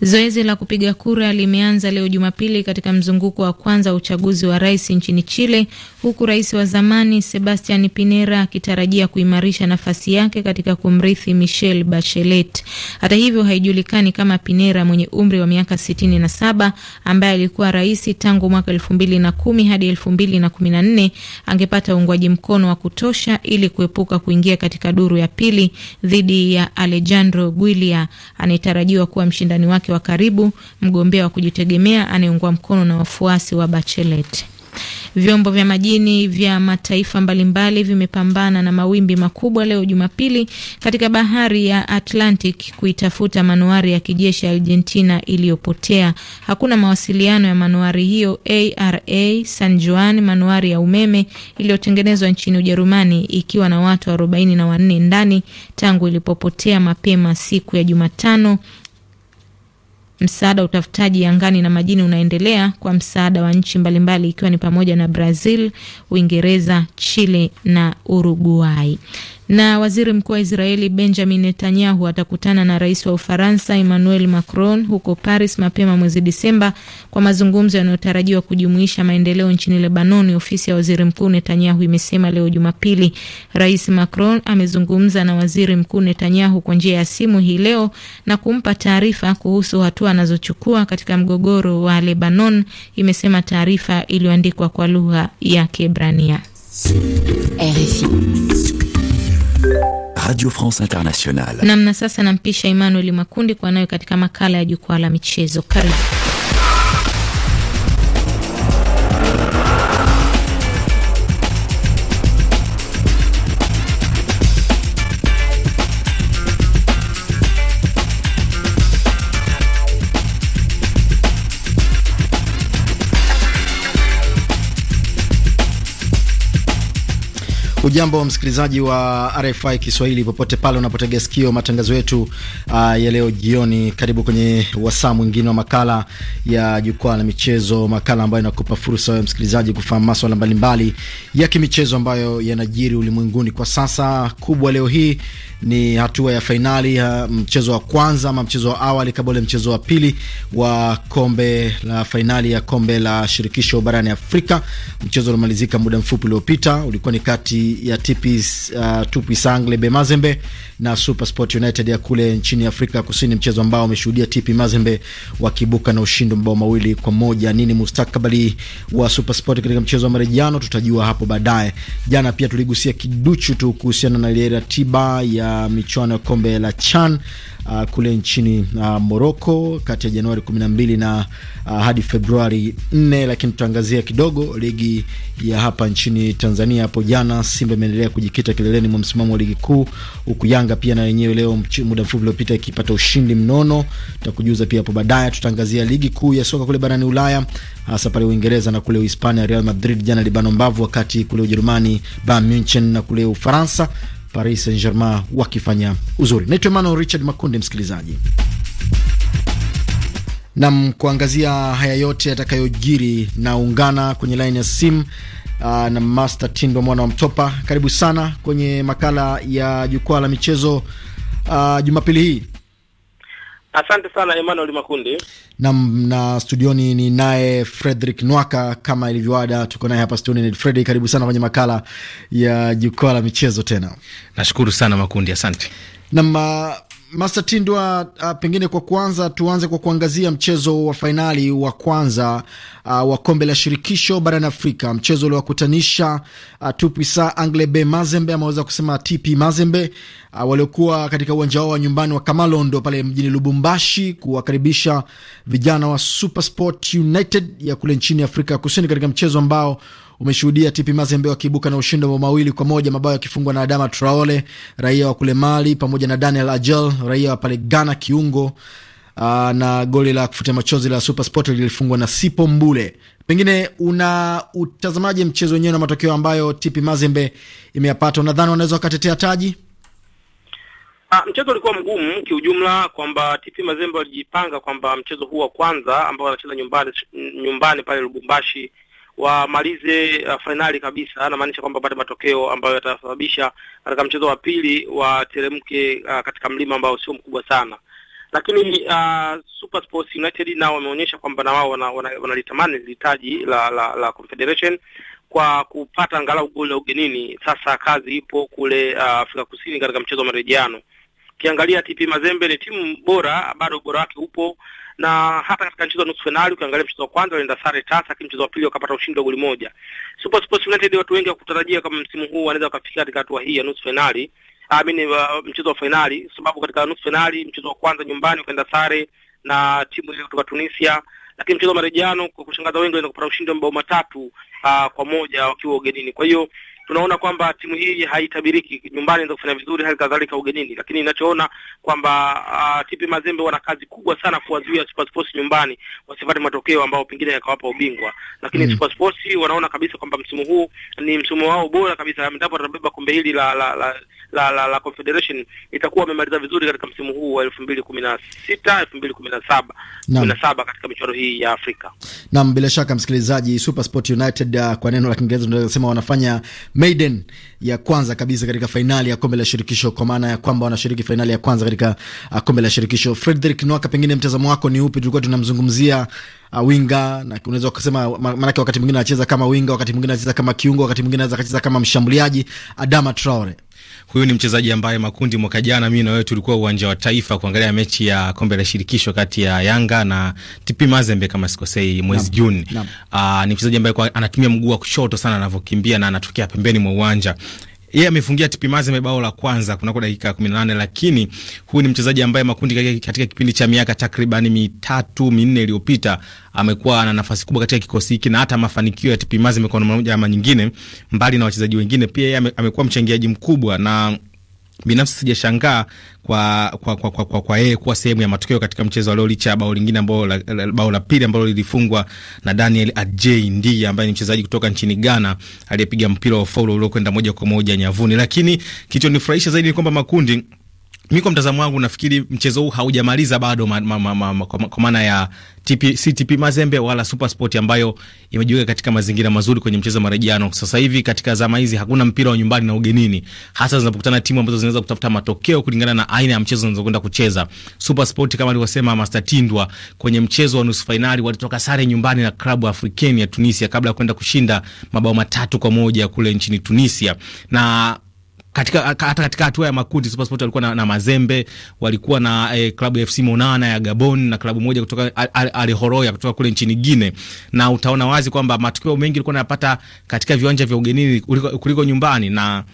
Zoezi la kupiga kura limeanza leo Jumapili katika mzunguko wa kwanza wa uchaguzi wa rais nchini Chile, huku rais wa zamani Sebastian Pinera akitarajia kuimarisha nafasi yake katika kumrithi Michelle Bachelet. Hata hivyo, haijulikani kama Pinera mwenye umri wa miaka 67 ambaye alikuwa rais tangu mwaka 2010 hadi 2014 angepata uungwaji mkono wa kutosha ili kuepuka kuingia katika duru ya pili dhidi ya Alejandro Guilia anayetarajiwa kuwa mshindani wake wake wa karibu, mgombea wa kujitegemea anayeungwa mkono na wafuasi wa Bachelet. Vyombo vya majini vya mataifa mbalimbali vimepambana na mawimbi makubwa leo Jumapili katika bahari ya Atlantic kuitafuta manuari ya kijeshi ya Argentina iliyopotea. Hakuna mawasiliano ya manuari hiyo ARA San Juan, manuari ya umeme iliyotengenezwa nchini Ujerumani ikiwa na watu 44 ndani tangu ilipopotea mapema siku ya Jumatano Msaada wa utafutaji angani na majini unaendelea kwa msaada wa nchi mbalimbali, ikiwa ni pamoja na Brazil, Uingereza, Chile na Uruguay. Na waziri mkuu wa Israeli Benjamin Netanyahu atakutana na rais wa Ufaransa Emmanuel Macron huko Paris mapema mwezi Disemba kwa mazungumzo yanayotarajiwa kujumuisha maendeleo nchini lebanon Ofisi ya waziri mkuu Netanyahu imesema leo Jumapili. Rais Macron amezungumza na waziri mkuu Netanyahu kwa njia ya simu hii leo na kumpa taarifa kuhusu hatua anazochukua katika mgogoro wa Lebanon, imesema taarifa iliyoandikwa kwa lugha ya Kiebrania. RFI Radio France Internationale. Namna sasa nampisha Emmanuel Makundi kwa nayo katika makala ya jukwaa la michezo. Karibu. Ujambo msikilizaji wa RFI Kiswahili popote pale unapotega sikio matangazo yetu uh, ya leo jioni. Karibu kwenye wasaa mwingine wa makala ya jukwaa la michezo, makala ambayo inakupa fursa wewe msikilizaji kufahamu masuala mbalimbali ya kimichezo ambayo yanajiri ulimwenguni kwa sasa. Kubwa leo hii ni hatua ya fainali ya mchezo wa kwanza ama mchezo wa awali kabla ya mchezo wa pili wa kombe la fainali ya kombe la shirikisho barani Afrika. Mchezo ulimalizika muda mfupi uliopita ulikuwa ni kati ya TP uh, Tupi Sangle Bemazembe na Super Sport United ya kule nchini Afrika Kusini, mchezo ambao umeshuhudia TP Mazembe wakibuka na ushindi mabao mawili kwa moja. Nini mustakabali wa Super Sport katika mchezo wa marejano? Tutajua hapo baadaye. Jana pia tuligusia kiduchu tu kuhusiana na ile ratiba ya michuano ya kombe la CHAN uh, kule nchini uh, Morocco kati ya Januari 12 na uh, hadi Februari 4. Lakini tutaangazia kidogo ligi ya hapa nchini Tanzania. Hapo jana Simba imeendelea kujikita kileleni mwa msimamo wa ligi kuu, huku Yanga pia na yenyewe leo muda mfupi uliopita ikipata ushindi mnono. Tutakujuza pia hapo baadaye. Tutaangazia ligi kuu ya soka kule barani Ulaya, hasa pale Uingereza na kule Uhispania. Real Madrid jana libano mbavu, wakati kule Ujerumani Bayern Munich na kule Ufaransa Paris Saint Germain wakifanya uzuri. Naitwa Emmanuel Richard makundi msikilizaji nam. Kuangazia haya yote yatakayojiri, naungana kwenye laini ya simu Uh, na Master Tindo mwana wa Mtopa, karibu sana kwenye makala ya jukwaa la michezo uh, Jumapili hii. Asante sana Emmanuel Makundi na, na studioni ni naye Fredrick Nwaka, kama ilivyoada, tuko naye hapa studioni. Fredrick, karibu sana kwenye makala ya jukwaa la michezo tena. Nashukuru sana Makundi, asante. Nam, Master Tindwa, uh, ah, pengine kwa kwanza tuanze kwa kuangazia mchezo wa fainali wa kwanza uh, wa kombe la shirikisho barani Afrika, mchezo uliowakutanisha uh, ah, Tupisa Anglebe Mazembe ameweza kusema TP Mazembe uh, waliokuwa katika uwanja wao wa nyumbani wa Kamalondo pale mjini Lubumbashi kuwakaribisha vijana wa Supersport United ya kule nchini Afrika Kusini katika mchezo ambao umeshuhudia TP Mazembe wakiibuka na ushindi wa mawili kwa moja, mabao yakifungwa na Adama Traore raia wa kule Mali pamoja na Daniel Ajel raia wa pale Ghana kiungo Aa, na goli la kufutia machozi la Super Sport lilifungwa na Sipo Mbule. Pengine una utazamaji mchezo wenyewe na matokeo ambayo TP Mazembe imeyapata, unadhani wanaweza wakatetea taji? Ah, mchezo ulikuwa mgumu kiujumla, kwamba TP Mazembe walijipanga kwamba mchezo huu wa kwanza ambao wanacheza nyumbani nyumbani pale Lubumbashi wamalize uh, fainali kabisa. Anamaanisha kwamba wapate matokeo ambayo yatasababisha katika mchezo wa pili wateremke uh, katika mlima ambao sio mkubwa sana, lakini uh, Super Sports United nao wameonyesha kwamba na wao wanalitamani wana, wana litaji la, la, la Confederation kwa kupata angalau goli la ugenini. Sasa kazi ipo kule uh, Afrika Kusini katika mchezo wa marejiano Ukiangalia TP Mazembe ni timu bora, bado ubora wake upo na hata katika mchezo wa nusu fainali ukiangalia mchezo wa kwanza walienda sare tasa, lakini mchezo wa pili wakapata ushindi wa goli moja. Super Sports United watu wengi wakutarajia kama msimu huu wanaweza wakafika katika hatua hii ya nusu fainali, amini ah, uh, mchezo wa fainali, sababu katika nusu fainali mchezo wa kwanza nyumbani ukaenda sare na timu ile kutoka Tunisia, lakini mchezo wa marejano kwa kushangaza wengi walienda kupata ushindi wa mabao matatu uh, kwa moja wakiwa ugenini. Kwa hiyo tunaona kwamba timu hii haitabiriki nyumbani, inaweza kufanya vizuri, hali kadhalika ugenini, lakini inachoona kwamba uh, ah, TP Mazembe wana kazi kubwa sana kuwazuia Super Sports nyumbani wasipate matokeo ambao pengine yakawapa ubingwa, lakini mm. Super Sports wanaona kabisa kwamba msimu huu ni msimu wao bora kabisa, endapo atabeba kombe hili la la la la, la, la Confederation itakuwa wamemaliza vizuri katika msimu huu wa elfu mbili kumi na sita elfu mbili kumi na saba kumi na saba katika michuano hii ya Afrika. Naam, bila shaka msikilizaji, Super Sport United ah, kwa neno la Kiingereza tunaweza kusema wanafanya maiden ya kwanza kabisa katika fainali ya kombe la shirikisho, kwa maana ya kwamba wanashiriki fainali ya kwanza katika uh, kombe la shirikisho. Frederick Nwaka, pengine mtazamo wako ni upi? Tulikuwa tunamzungumzia uh, winga na unaweza ukasema, uh, maanake wakati mwingine anacheza kama winga, wakati mwingine anacheza kama kiungo, wakati mwingine anaweza akacheza kama mshambuliaji. Adama Traore Huyu ni mchezaji ambaye makundi mwaka jana mimi na wewe tulikuwa uwanja wa Taifa kuangalia mechi ya kombe la shirikisho kati ya Yanga na TP Mazembe kama sikosei, mwezi Juni. Ah, ni mchezaji ambaye anatumia mguu wa kushoto sana anavyokimbia na anatokea pembeni mwa uwanja yeye amefungia TP Mazembe bao la kwanza kunako dakika 18, lakini huyu ni mchezaji ambaye makundi katika kipindi cha miaka takriban mitatu minne iliyopita amekuwa na nafasi kubwa katika kikosi hiki na hata mafanikio ya TP Mazembe kwa namna moja ama nyingine, mbali na wachezaji wengine, pia yeye amekuwa mchangiaji mkubwa na Binafsi sijashangaa kwa kwa kwa, kwa, kwa, kwa yeye kuwa sehemu ya matokeo katika mchezo leo, licha ya bao lingine ambalo bao la pili ambalo lilifungwa na Daniel Adjei ndiye ambaye ni mchezaji kutoka nchini Ghana aliyepiga mpira wa faulu uliokwenda moja kwa moja nyavuni, lakini kilichonifurahisha zaidi ni kwamba makundi mi kwa mtazamo wangu nafikiri mchezo huu haujamaliza bado ma, ma, ma, ma, ma, kwa maana ya TP, si TP Mazembe wala Super Sport ambayo imejiweka katika mazingira mazuri kwenye mchezo wa marejiano. Sasa hivi katika zama hizi hakuna mpira wa nyumbani na ugenini, hasa zinapokutana timu ambazo zinaweza kutafuta matokeo kulingana na aina ya mchezo zinazokwenda kucheza. Super Sport kama alivyosema Master Tindwa, kwenye mchezo wa nusu fainali walitoka sare nyumbani na klabu Afrikeni ya Tunisia kabla ya kwenda kushinda mabao matatu kwa moja kule nchini Tunisia na katika hata katika hatua ya makundi SuperSport walikuwa na, na Mazembe, walikuwa na eh, klabu ya FC Monana ya Gabon na klabu moja kutoka Al, Al Horoya kutoka kule nchini gine na utaona wazi kwamba matukio mengi yalikuwa yanapata katika viwanja vya ugenini kuliko nyumbani na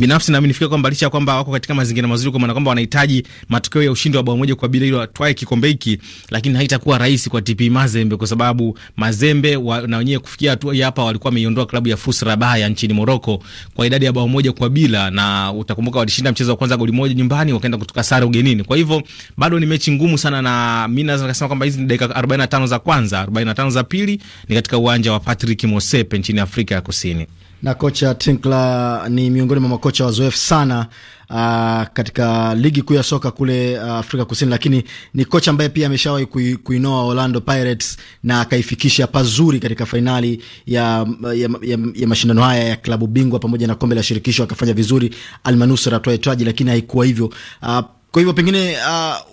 binafsi nami nifikia kwamba licha ya kwamba wako katika mazingira mazuri, kwa maana kwamba wanahitaji matokeo ya ushindi wa bao moja kwa bila ili watwae kikombe hiki, lakini haitakuwa rahisi kwa TP Mazembe kwa sababu Mazembe wa, na wenyewe kufikia hatua hapa walikuwa wameiondoa klabu ya FUS Rabat nchini Morocco kwa idadi ya bao moja kwa bila, na utakumbuka walishinda mchezo wa kwanza goli moja nyumbani, wakaenda kutoka sare ugenini. Kwa hivyo bado ni mechi ngumu sana, na mimi naweza nikasema kwamba hizi ni dakika 45 za kwanza, 45 za pili ni katika uwanja wa Patrick Mosepe nchini Afrika ya Kusini na kocha Tinkla ni miongoni mwa makocha wazoefu sana uh, katika ligi kuu ya soka kule uh, Afrika Kusini, lakini ni kocha ambaye pia ameshawahi kui, kuinoa Orlando Pirates na akaifikisha pazuri katika fainali ya, ya, ya, ya mashindano haya ya klabu bingwa pamoja na kombe la shirikisho, akafanya vizuri almanusra atoe taji, lakini haikuwa hivyo uh, kwa hivyo pengine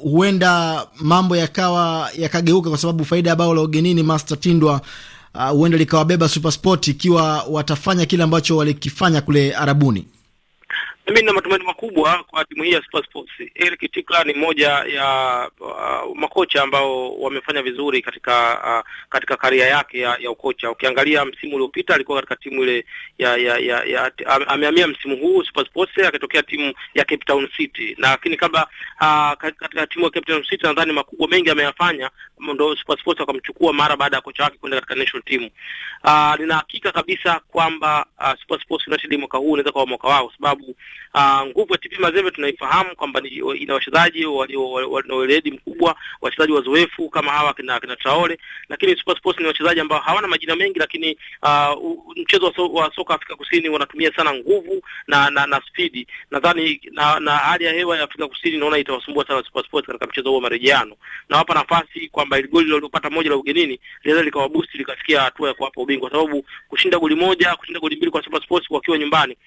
huenda uh, mambo yakawa yakageuka, kwa sababu faida ya bao la ugenini Master Tindwa Ah, huenda uh, likawabeba SuperSport ikiwa watafanya kile ambacho walikifanya kule Arabuni. Mimi nina matumaini makubwa kwa timu hii ya Super Sports. Eric Tikla ni moja ya uh, makocha ambao wamefanya vizuri katika uh, katika karia yake ya, ya ukocha. Ukiangalia msimu uliopita alikuwa katika timu ile ya ya, ya, ya amehamia msimu huu Super Sports akitokea timu ya Cape Town City, lakini kabla uh, katika timu ya Cape Town City nadhani makubwa mengi ameyafanya, ndio Super Sports wakamchukua mara baada ya kocha wake kwenda katika national team. Ah, nina hakika kabisa kwamba ah, Super Sports United mwaka huu unaweza kuwa mwaka wao, sababu Uh, nguvu ya TP Mazembe tunaifahamu kwamba ina wachezaji wana weledi mkubwa, wachezaji wazoefu kama hawa kina, kina Traore, lakini Super Sports ni wachezaji ambao hawana majina mengi, lakini uh, mchezo wa, so, wa soka Afrika Kusini wanatumia sana nguvu na na, na spidi nadhani na, na hali ya hewa ya Afrika Kusini naona itawasumbua sana Super Sports katika mchezo huo wa marejeano, na nafasi kwamba ile goli lililopata moja la ugenini linaweza likawabusti likafikia hatua ya kuwapa ubingwa, kwa sababu kushinda goli moja kushinda goli mbili kwa Super kukosi wakiwa nyumbani.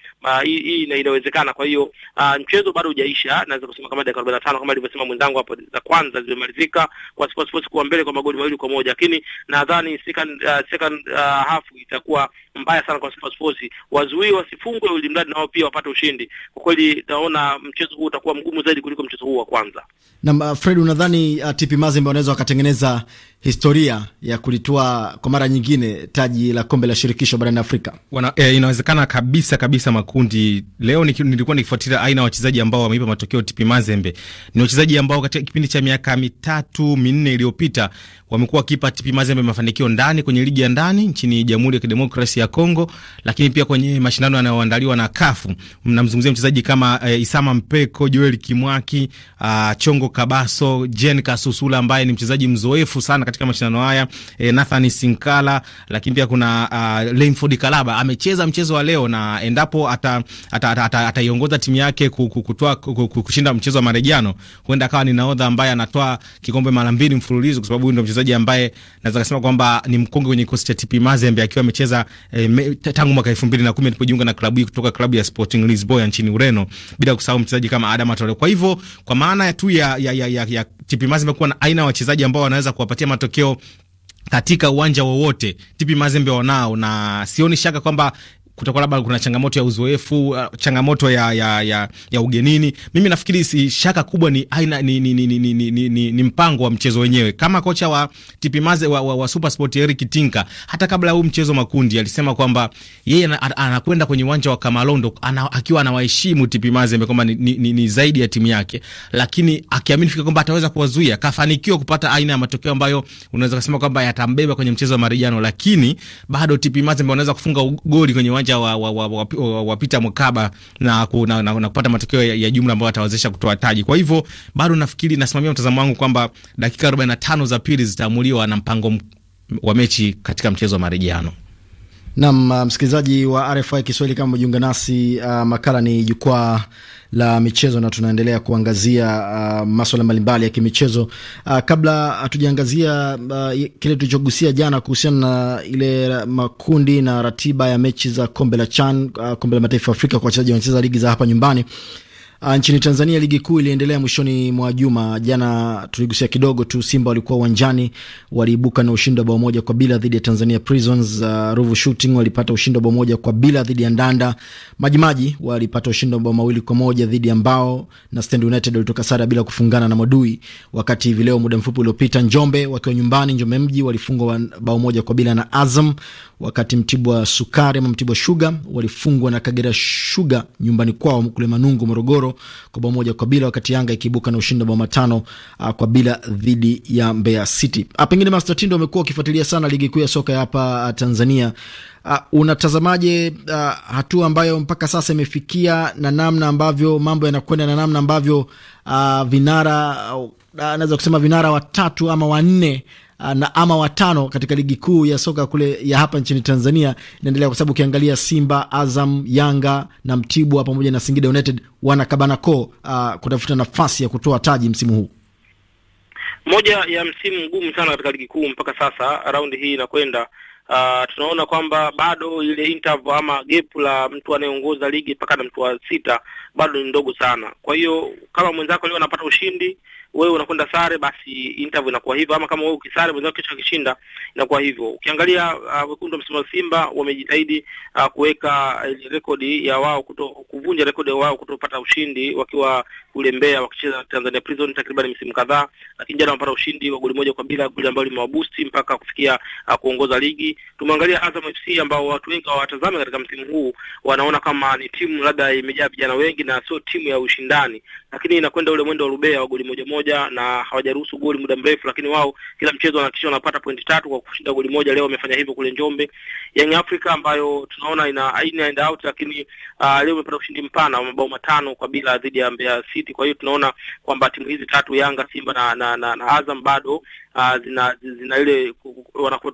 Hii uh, inawezekana. Kwa hiyo uh, mchezo bado hujaisha, naweza kusema kama dakika 45 kama alivyosema mwenzangu hapo, za kwanza zimemalizika kwa Sport Sports kuwa mbele kwa magoli mawili kwa moja, lakini nadhani second uh, second uh, half itakuwa mbaya sana kwa Sport Sports, wazuii wasifungwe, ili mradi nao pia wapate ushindi. Kwa kweli naona mchezo huu utakuwa mgumu zaidi kuliko mchezo huu wa kwanza. Na Fred, unadhani uh, TP Mazembe wanaweza wakatengeneza historia ya kulitoa kwa mara nyingine taji la kombe la shirikisho barani Afrika. Wana, e, inawezekana kabisa kabisa makundi. Leo nilikuwa nikifuatilia aina ya wachezaji ambao wameipa matokeo TP Mazembe. Ni wachezaji ambao katika kipindi cha miaka mitatu minne iliyopita wamekuwa wakiipa TP Mazembe mafanikio ndani kwenye ligi ya ndani nchini Jamhuri ya Kidemokrasia ya Kongo, lakini pia kwenye mashindano yanayoandaliwa na Kafu. Mnamzungumzia mchezaji kama e, Isama Mpeko, Joel Kimwaki, a, ah, Chongo Kabaso, Jen Kasusula ambaye ni mchezaji mzoefu sana katika mashindano haya e, Nathan Sinkala, lakini pia kuna uh, Lemford Kalaba amecheza mchezo wa leo, na endapo ataiongoza ata, ata, ata, ata timu yake kutoa kushinda mchezo wa marejano, huenda akawa ni naodha ambaye anatoa kikombe mara mbili mfululizo, kwa sababu huyu ndio mchezaji ambaye naweza kusema kwamba ni mkongwe kwenye kikosi cha TP Mazembe akiwa amecheza eh, tangu mwaka 2010 alipojiunga na klabu hii kutoka klabu ya Sporting Lisbon nchini Ureno, bila kusahau mchezaji kama Adama Traore. Kwa hivyo kwa maana tu ya, ya, ya, ya, ya TP Mazembe kuwa na aina ya wachezaji ambao wanaweza kuwapatia matokeo katika uwanja wowote TP Mazembe wanao, na sioni shaka kwamba kutakuwa labda kuna changamoto ya uzoefu, uh, changamoto ya, ya, ya, ya ugenini. Mimi nafikiri si shaka kubwa ni, aina, ni, ni, ni, ni, ni, ni, ni, ni mpango wa mchezo wenyewe. Kama kocha wa Tipimaze wa, wa, wa Super Sport Eric Tinka, hata kabla ya huu mchezo makundi, alisema kwamba yeye anakwenda kwenye uwanja wa Kamalondo ana, akiwa anawaheshimu Tipimaze kwamba ni, ni, ni zaidi ya timu yake, lakini akiamini fika kwamba ataweza kuwazuia, kafanikiwa kupata aina ya matokeo ambayo unaweza kusema kwamba yatambeba kwenye mchezo wa marejano, lakini bado Tipimaze wanaweza kufunga goli kwenye uwanja uwanja wa, wa, wa, wa, wa, wa Peter Mkapa na, na, na, na kupata matokeo ya, ya jumla ambayo atawezesha kutoa taji. Kwa hivyo bado nafikiri nasimamia mtazamo wangu kwamba dakika 45 za pili zitaamuliwa na mpango wa mechi katika mchezo wa marejeano. Naam, uh, msikilizaji wa RFI Kiswahili, kama umejiunga nasi, uh, makala ni jukwaa la michezo na tunaendelea kuangazia uh, maswala mbalimbali ya kimichezo. Uh, kabla hatujaangazia uh, kile tulichogusia jana kuhusiana na ile makundi na ratiba ya mechi za kombe la CHAN, uh, kombe la mataifa Afrika kwa wachezaji wanacheza ligi za hapa nyumbani Ah, nchini Tanzania, ligi kuu iliendelea mwishoni mwa juma. Jana tuligusia kidogo tu, Simba walikuwa uwanjani, waliibuka na ushindi wa bao moja kwa bila dhidi ya Tanzania Prisons. Uh, Ruvu Shooting walipata ushindi wa bao moja kwa bila dhidi ya Ndanda. Majimaji walipata ushindi wa bao mawili kwa moja dhidi ya Mbao, na Stand United walitoka sare bila kufungana na Mwadui. Wakati vileo muda mfupi uliopita, Njombe wakiwa nyumbani, Njombe mji walifungwa bao moja kwa bila na Azam, wakati Mtibwa Sukari ama Mtibwa Shuga walifungwa na Kagera Shuga nyumbani kwao kule Manungu, Morogoro. Morogoro kwa bao moja kwa bila, wakati Yanga ikiibuka na ushindi wa bao matano ah, kwa bila dhidi ya Mbeya City. Ah, pengine Master Tindo, amekuwa ukifuatilia sana ligi kuu ya soka ya hapa ah, Tanzania. Uh, unatazamaje uh, hatua ambayo mpaka sasa imefikia na namna ambavyo mambo yanakwenda na namna ambavyo uh, vinara uh, naweza kusema vinara watatu ama wanne Ah, na ama watano katika ligi kuu ya soka kule ya hapa nchini Tanzania inaendelea, kwa sababu ukiangalia Simba, Azam, Yanga na Mtibwa pamoja na Singida United kabana ko uh, ah, kutafuta nafasi ya kutoa taji msimu huu. Moja ya msimu mgumu sana katika ligi kuu mpaka sasa, raundi hii inakwenda Uh, tunaona kwamba bado ile interval ama gap la mtu anayeongoza ligi mpaka na mtu wa sita bado ni ndogo sana. Kwa hiyo kama mwenzako leo anapata ushindi wewe unakwenda sare, basi interview inakuwa hivyo, ama kama wewe ukisare mwenzako kesho akishinda inakuwa hivyo. Ukiangalia uh, wekundu uh, wa msimamo Simba wamejitahidi uh, kuweka uh, rekodi ya wao kuto, kuvunja rekodi ya wao kutopata ushindi wakiwa kule Mbeya wakicheza Tanzania Prison takriban misimu kadhaa, lakini jana wamepata ushindi wa goli moja kwa bila, goli ambalo limewabusti mpaka kufikia uh, kuongoza ligi. Tumeangalia Azam FC ambao watu wengi hawatazame katika msimu huu, wanaona kama ni timu labda imejaa vijana wengi na sio timu ya ushindani, lakini inakwenda ule mwendo wa rubea wa goli moja moja moja na hawajaruhusu goli muda mrefu, lakini wao kila mchezo wanahakikisha wanapata pointi tatu kwa kushinda goli moja. Leo wamefanya hivyo kule Njombe. Young Africa ambayo tunaona ina inaenda out, lakini uh, leo imepata ushindi mpana wa mabao matano kwa bila dhidi ya Mbeya City. Kwa hiyo tunaona kwamba timu hizi tatu Yanga, Simba na, na, na, na Azam bado Uh, zina zina ile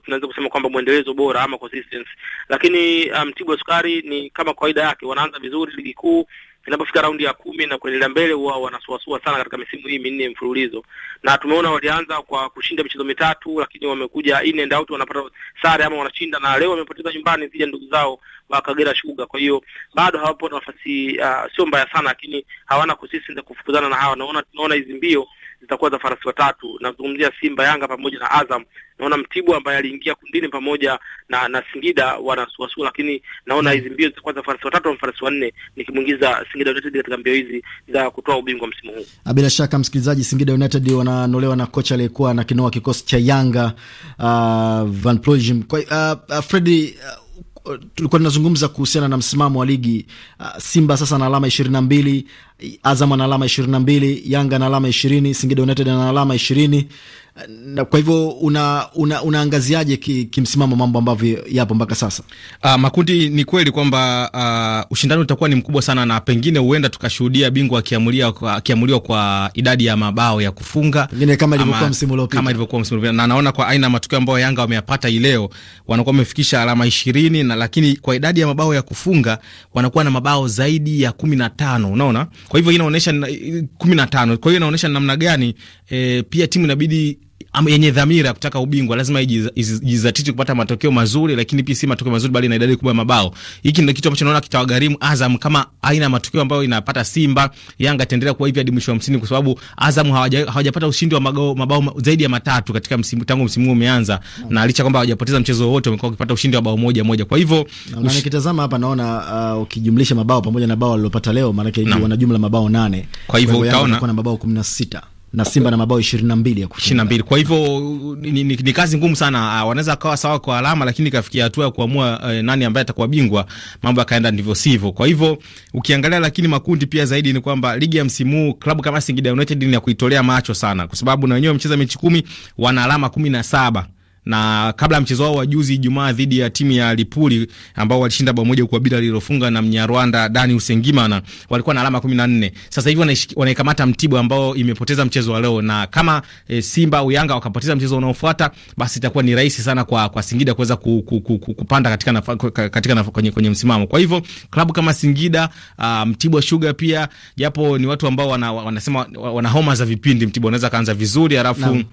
tunaweza kusema kwamba mwendelezo bora ama consistency, lakini ah, Mtibwa um, Sukari ni kama kawaida yake, wanaanza vizuri ligi kuu inapofika raundi ya kumi na kuendelea mbele huwa wanasuasua sana katika misimu hii minne mfululizo, na tumeona walianza kwa kushinda michezo mitatu, lakini wamekuja in and out, wanapata sare ama wanashinda, na leo wamepoteza nyumbani dhidi ya ndugu zao wa Kagera Sugar. Kwa hiyo bado hawapo nafasi, uh, sio mbaya sana, lakini hawana kusisi za kufukuzana na hawa. Naona tunaona hizi mbio zitakuwa za farasi watatu. Nazungumzia Simba, Yanga pamoja na Azam. Naona Mtibwa ambaye aliingia kundini pamoja na na Singida wanasuasua, lakini naona hizi mbio zitakuwa za farasi watatu au farasi wanne, nikimwingiza Singida United katika mbio hizi za kutoa ubingwa msimu huu. Ah, bila shaka, msikilizaji, Singida United wananolewa na kocha aliyekuwa na kinoa kikosi cha Yanga uh, Van Ploegem. Kwa uh, Freddy uh, Eh, tulikuwa tunazungumza kuhusiana na msimamo wa ligi uh, Simba sasa na alama ishirini na mbili, Azam na alama ishirini na mbili, Yanga na alama ishirini, Singida United na alama ishirini na kwa hivyo una, una, unaangaziaje kimsimamo ki mambo ambavyo yapo mpaka sasa? Uh, makundi ni kweli kwamba uh, ushindani utakuwa ni mkubwa sana, na pengine huenda tukashuhudia bingwa akiamuliwa kwa kwa idadi ya mabao ya kufunga pengine kama ilivyokuwa msimu uliopita, kama ilivyokuwa msimu uliopita. Na naona kwa aina ya matukio ambayo Yanga wameyapata hii leo wanakuwa wamefikisha alama ishirini na lakini kwa idadi ya mabao ya kufunga wanakuwa na mabao zaidi ya kumi na tano unaona, kwa hivyo inaonyesha kumi na tano kwa hiyo inaonyesha namna gani e, pia timu inabidi yenye dhamira ya kutaka ubingwa lazima ijizatiti kupata matokeo mazuri, lakini pia si matokeo mazuri, bali na idadi kubwa ya mabao. Hiki ndio kitu ambacho naona kitawagharimu Azam kama aina ya matokeo ambayo inapata Simba. Yanga itaendelea kuwa hivi hadi mwisho wa msimu, kwa sababu Azam hawajapata ushindi wa mabao, mabao zaidi ya matatu katika msimu tangu msimu huu umeanza, na licha kwamba hawajapoteza mchezo wote, wamekuwa wakipata ushindi wa bao moja moja. Kwa hivyo ush... nikitazama hapa naona uh, ukijumlisha mabao pamoja na bao walilopata leo, maana yake wana jumla mabao nane. Kwa hivyo utaona kuna mabao 16 na Simba na mabao 22 ya kushinda 22. Kwa hivyo ni, ni, ni, kazi ngumu sana. Ah, wanaweza akawa sawa kwa alama, lakini kafikia hatua ya kuamua eh, nani ambaye atakuwa bingwa, mambo yakaenda ndivyo sivyo. Kwa hivyo ukiangalia, lakini makundi pia zaidi ni kwamba ligi ya msimu klabu kama Singida United ni ya kuitolea macho sana, kwa sababu na wenyewe wamecheza mechi kumi, wana alama 17 na kabla ya mchezo wao wa juzi Ijumaa dhidi ya timu ya Lipuli ambao walishinda bao moja kwa bila lililofunga na Mnyarwanda Dani Usengimana, walikuwa na alama 14. Sasa hivi wanaikamata Mtibwa ambao imepoteza mchezo wa leo, na kama e, Simba au Yanga wakapoteza mchezo unaofuata, basi itakuwa ni rahisi sana kwa, kwa Singida kuweza ku, ku, ku, ku, kupanda katika na, katika na, kwenye, kwenye msimamo. Kwa hivyo klabu kama Singida uh, Mtibwa Sugar pia japo ni watu ambao wana, wanasema wana homa za vipindi, Mtibwa unaweza kaanza vizuri alafu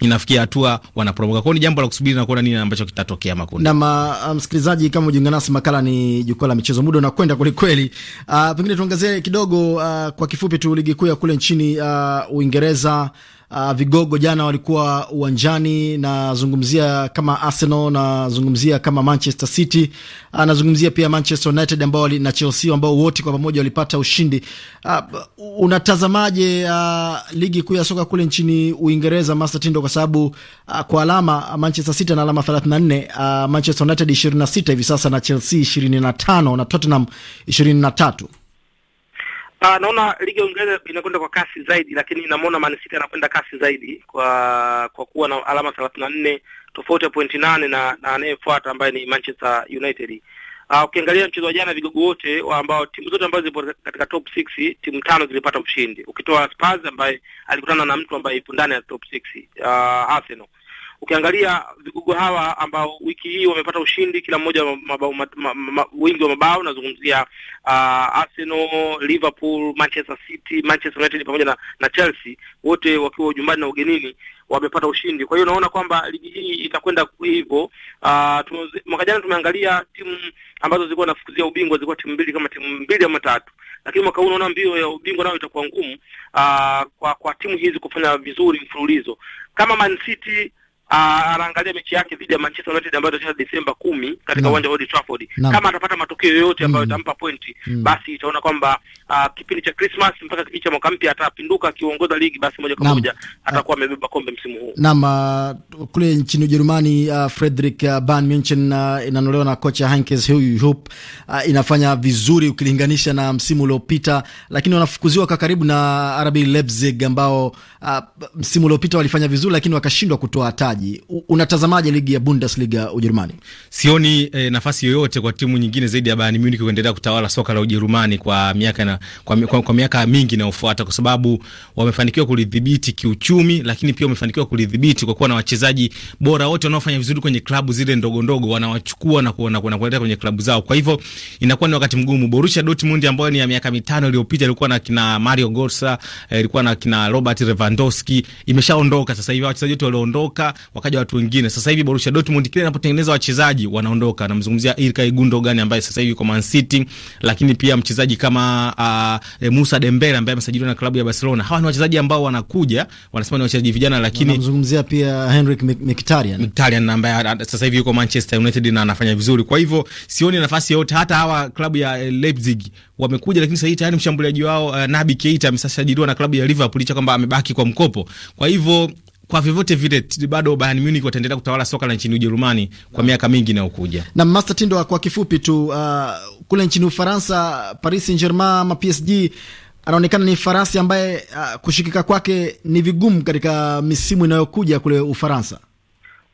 inafikia hatua wanaporomoka. Kwao ni jambo la kusubiri na kuona nini ambacho kitatokea makundi. Na ma, uh, uh, msikilizaji, kama ujiunga nasi, makala ni jukwaa la michezo, muda unakwenda kwelikweli. Uh, pengine tuangazie kidogo uh, kwa kifupi tu ligi kuu ya kule nchini uh, Uingereza uh, vigogo jana walikuwa uwanjani. Nazungumzia kama Arsenal, nazungumzia kama Manchester City, uh, nazungumzia pia Manchester United ambao na Chelsea ambao wote kwa pamoja walipata ushindi. Uh, unatazamaje uh, ligi kuu ya soka kule nchini Uingereza, Master Tindo? Kwa sababu uh, kwa alama Manchester City na alama 34, uh, Manchester United 26 hivi sasa na Chelsea 25 na Tottenham 23. Uh, naona ligi ya Uingereza inakwenda kwa kasi zaidi, lakini namwona Man City anakwenda kasi zaidi kwa kwa kuwa na alama thelathini na nne tofauti ya pointi nane na na anayefuata ambaye ni Manchester United. Ah, ukiangalia uh, mchezo wa jana, vigogo wote ambao timu zote ambazo zipo katika top 6 timu tano zilipata mshindi, ukitoa Spurs ambaye alikutana na mtu ambaye ipo ndani ya top 6 uh, ah, Arsenal ukiangalia vigogo hawa ambao wiki hii wamepata ushindi kila mmoja mabao ma, ma, ma, wingi wa mabao, nazungumzia uh, Arsenal, Liverpool, Manchester City, Manchester United pamoja na, na Chelsea, wote wakiwa ujumbani na ugenini wamepata ushindi. Kwa hiyo naona kwamba ligi hii itakwenda hivyo. Uh, mwaka jana tumeangalia timu ambazo zilikuwa nafukuzia ubingwa zilikuwa timu mbili kama timu mbili ama tatu, lakini mwaka huu naona mbio ya ubingwa nayo itakuwa ngumu, uh, kwa kwa timu hizi kufanya vizuri mfululizo kama Man City anaangalia ah, mechi yake dhidi ya Manchester United ambayo itacheza Desemba kumi katika uwanja wa Old Trafford. Kama atapata matokeo yoyote ambayo mm. itampa mm. pointi mm. basi itaona kwamba uh, kipindi cha Christmas mpaka kipindi cha mwaka mpya atapinduka akiongoza ligi, basi moja kwa moja atakuwa amebeba kombe msimu huu. Naam, uh, kule nchini Ujerumani uh, Frederick uh, Bayern Munchen uh, inanolewa na kocha Heinkes Huyp uh, inafanya vizuri ukilinganisha na msimu uliopita, lakini wanafukuziwa kwa karibu na RB Leipzig ambao uh, msimu uliopita walifanya vizuri, lakini wakashindwa kutoa taji mchezaji. Unatazamaje ligi ya Bundesliga Ujerumani? Sioni eh, nafasi yoyote kwa timu nyingine zaidi ya Bayern Munich kuendelea kutawala soka la Ujerumani kwa miaka na, kwa, kwa, kwa miaka mingi inayofuata, kwa sababu wamefanikiwa kulidhibiti kiuchumi, lakini pia wamefanikiwa kulidhibiti kwa kuwa na wachezaji bora wote wanaofanya vizuri kwenye klabu zile ndogo ndogo, wanawachukua na kuona kuna kuleta kwenye klabu zao. Kwa hivyo inakuwa ni wakati mgumu. Borussia Dortmund ambayo ni ya miaka mitano iliyopita ilikuwa na kina Mario Götze, eh, ilikuwa na kina Robert Lewandowski, imeshaondoka sasa hivi wachezaji wote walioondoka wakaja watu wengine. Sasa hivi Borussia Dortmund kile inapotengeneza wachezaji wanaondoka. Namzungumzia Ilkay Gundogan ambaye sasa hivi yuko Man City, lakini pia mchezaji kama uh, ah, eh, Musa Dembele ambaye amesajiliwa na klabu ya Barcelona. Hawa ni wachezaji ambao wanakuja, wanasema ni wachezaji vijana, lakini namzungumzia pia Henrik Mkhitaryan, Mkhitaryan ambaye sasa hivi yuko Manchester United na anafanya vizuri. Kwa hivyo sioni nafasi yote, hata hawa klabu ya eh, Leipzig wamekuja, lakini sasa hivi tayari mshambuliaji wao uh, Naby Keita amesajiliwa na klabu ya Liverpool licha kwamba amebaki kwa mkopo. Kwa hivyo kwa vyovyote vile bado Bayern Munich wataendelea kutawala soka la nchini Ujerumani kwa miaka mingi inayokuja. Na Master Tindo, kwa kifupi tu, uh, kule nchini Ufaransa, Paris Saint-Germain ama PSG anaonekana ni farasi ambaye uh, kushikika kwake ni vigumu katika misimu inayokuja kule Ufaransa.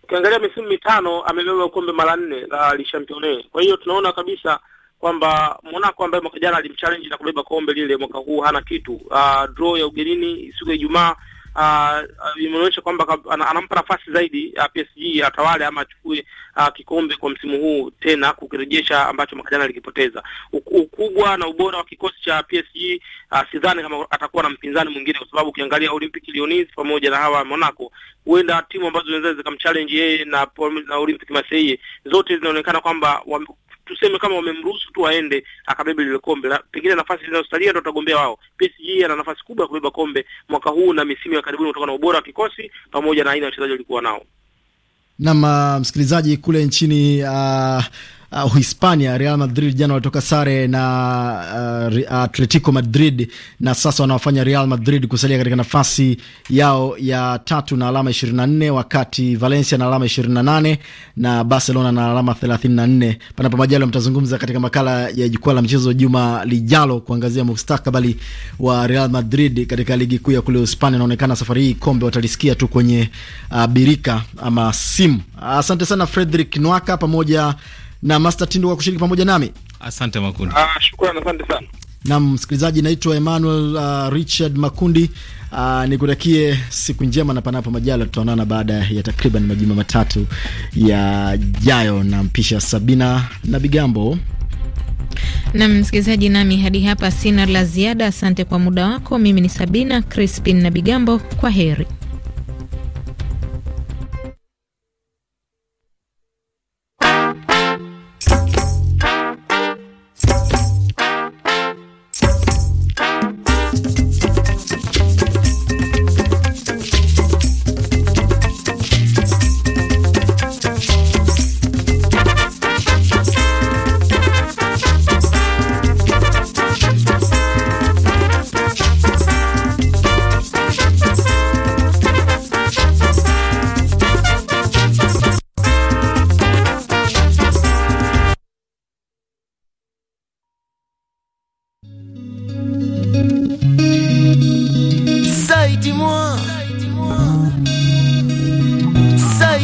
Ukiangalia misimu mitano amebeba kombe mara nne la Le Championnat. Kwa hiyo tunaona kabisa kwamba Monaco ambaye mwaka jana alimchallenge na kubeba kombe lile, mwaka huu hana kitu. Uh, draw ya ugenini siku ya Ijumaa uh, imeonyesha kwamba anampa nafasi zaidi uh, ah, PSG atawale ama achukue uh, kikombe kwa msimu huu tena kukirejesha ambacho mwaka jana alikipoteza. Ukubwa na ubora wa kikosi cha PSG uh, sidhani kama atakuwa na mpinzani mwingine, kwa sababu ukiangalia Olympic Lyonnais pamoja na hawa Monaco, huenda timu ambazo zinaweza zikamchallenge yeye na, na Olympic Marseille zote zinaonekana kwamba tuseme kama wamemruhusu tu aende akabebe lile kombe la, pengine nafasi zinazosalia ndo watagombea wao. PSG ana nafasi kubwa ya kubeba kombe mwaka huu na misimu ya karibuni kutokana na ubora wa kikosi pamoja na aina ya wachezaji walikuwa nao. Naam, ah, msikilizaji kule nchini uh uh, Hispania, Real Madrid jana walitoka sare na uh, Atletico Madrid na sasa wanawafanya Real Madrid kusalia katika nafasi yao ya tatu na alama 24, wakati Valencia na alama 28 na Barcelona na alama 34. Panapo majaliwa mtazungumza katika makala ya jukwaa la mchezo juma lijalo kuangazia mustakabali wa Real Madrid katika ligi kuu ya kule Hispania. Inaonekana safari hii kombe watalisikia tu kwenye uh, birika ama simu. Asante sana Frederick Nwaka pamoja na Master Tindo kwa kushiriki pamoja nami. Asante Makundi. Ah, shukrani, asante sana. Naam, msikilizaji, naitwa Emmanuel uh, Richard Makundi. Uh, nikutakie siku njema na panapo majala tutaonana baada ya takriban majuma matatu yajayo, na mpisha Sabina na Bigambo. Nam msikilizaji, nami hadi hapa sina la ziada. Asante kwa muda wako. Mimi ni Sabina Crispin na Bigambo, kwa heri.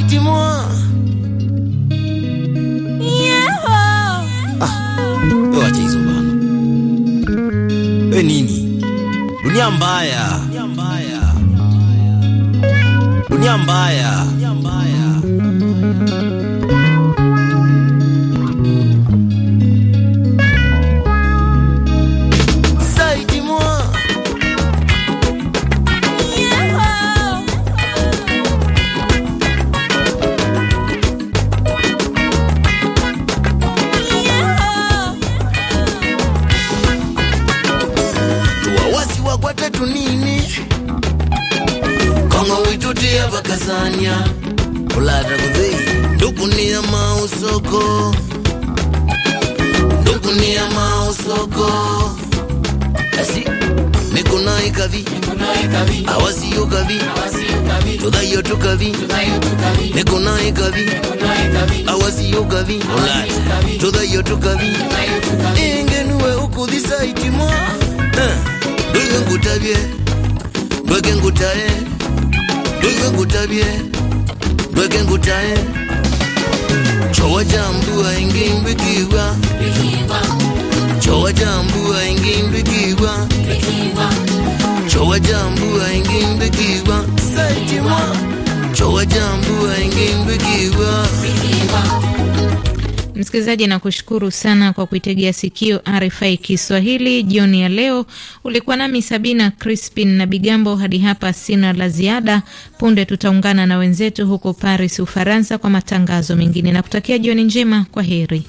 dis-moi. Yoache ah, oh, hizo bana, eh, nini? Dunia mbaya, dunia mbaya, dunia mbaya. kavi awasiyo kavi tudayo tu kavi niko naye kavi awasiyo kavi tudayo tu kavi ingenuwe ukudhisa itimwa eh, duye ngutabye dweke ngutaye duye ngutabye dweke ngutaye chowa cha mdu aingi mbikiwa Chowa wa ingi mbikiwa Chowa jambua ingimbi kiwa Saitima Chowa jambua ingimbi kiwa Msikilizaji, nakushukuru sana kwa kuitegea sikio RFI Kiswahili jioni ya leo. Ulikuwa nami Sabina Crispin na Bigambo. Hadi hapa sina la ziada. Punde tutaungana na wenzetu huko Paris, Ufaransa, kwa matangazo mengine. Nakutakia jioni njema, kwa heri.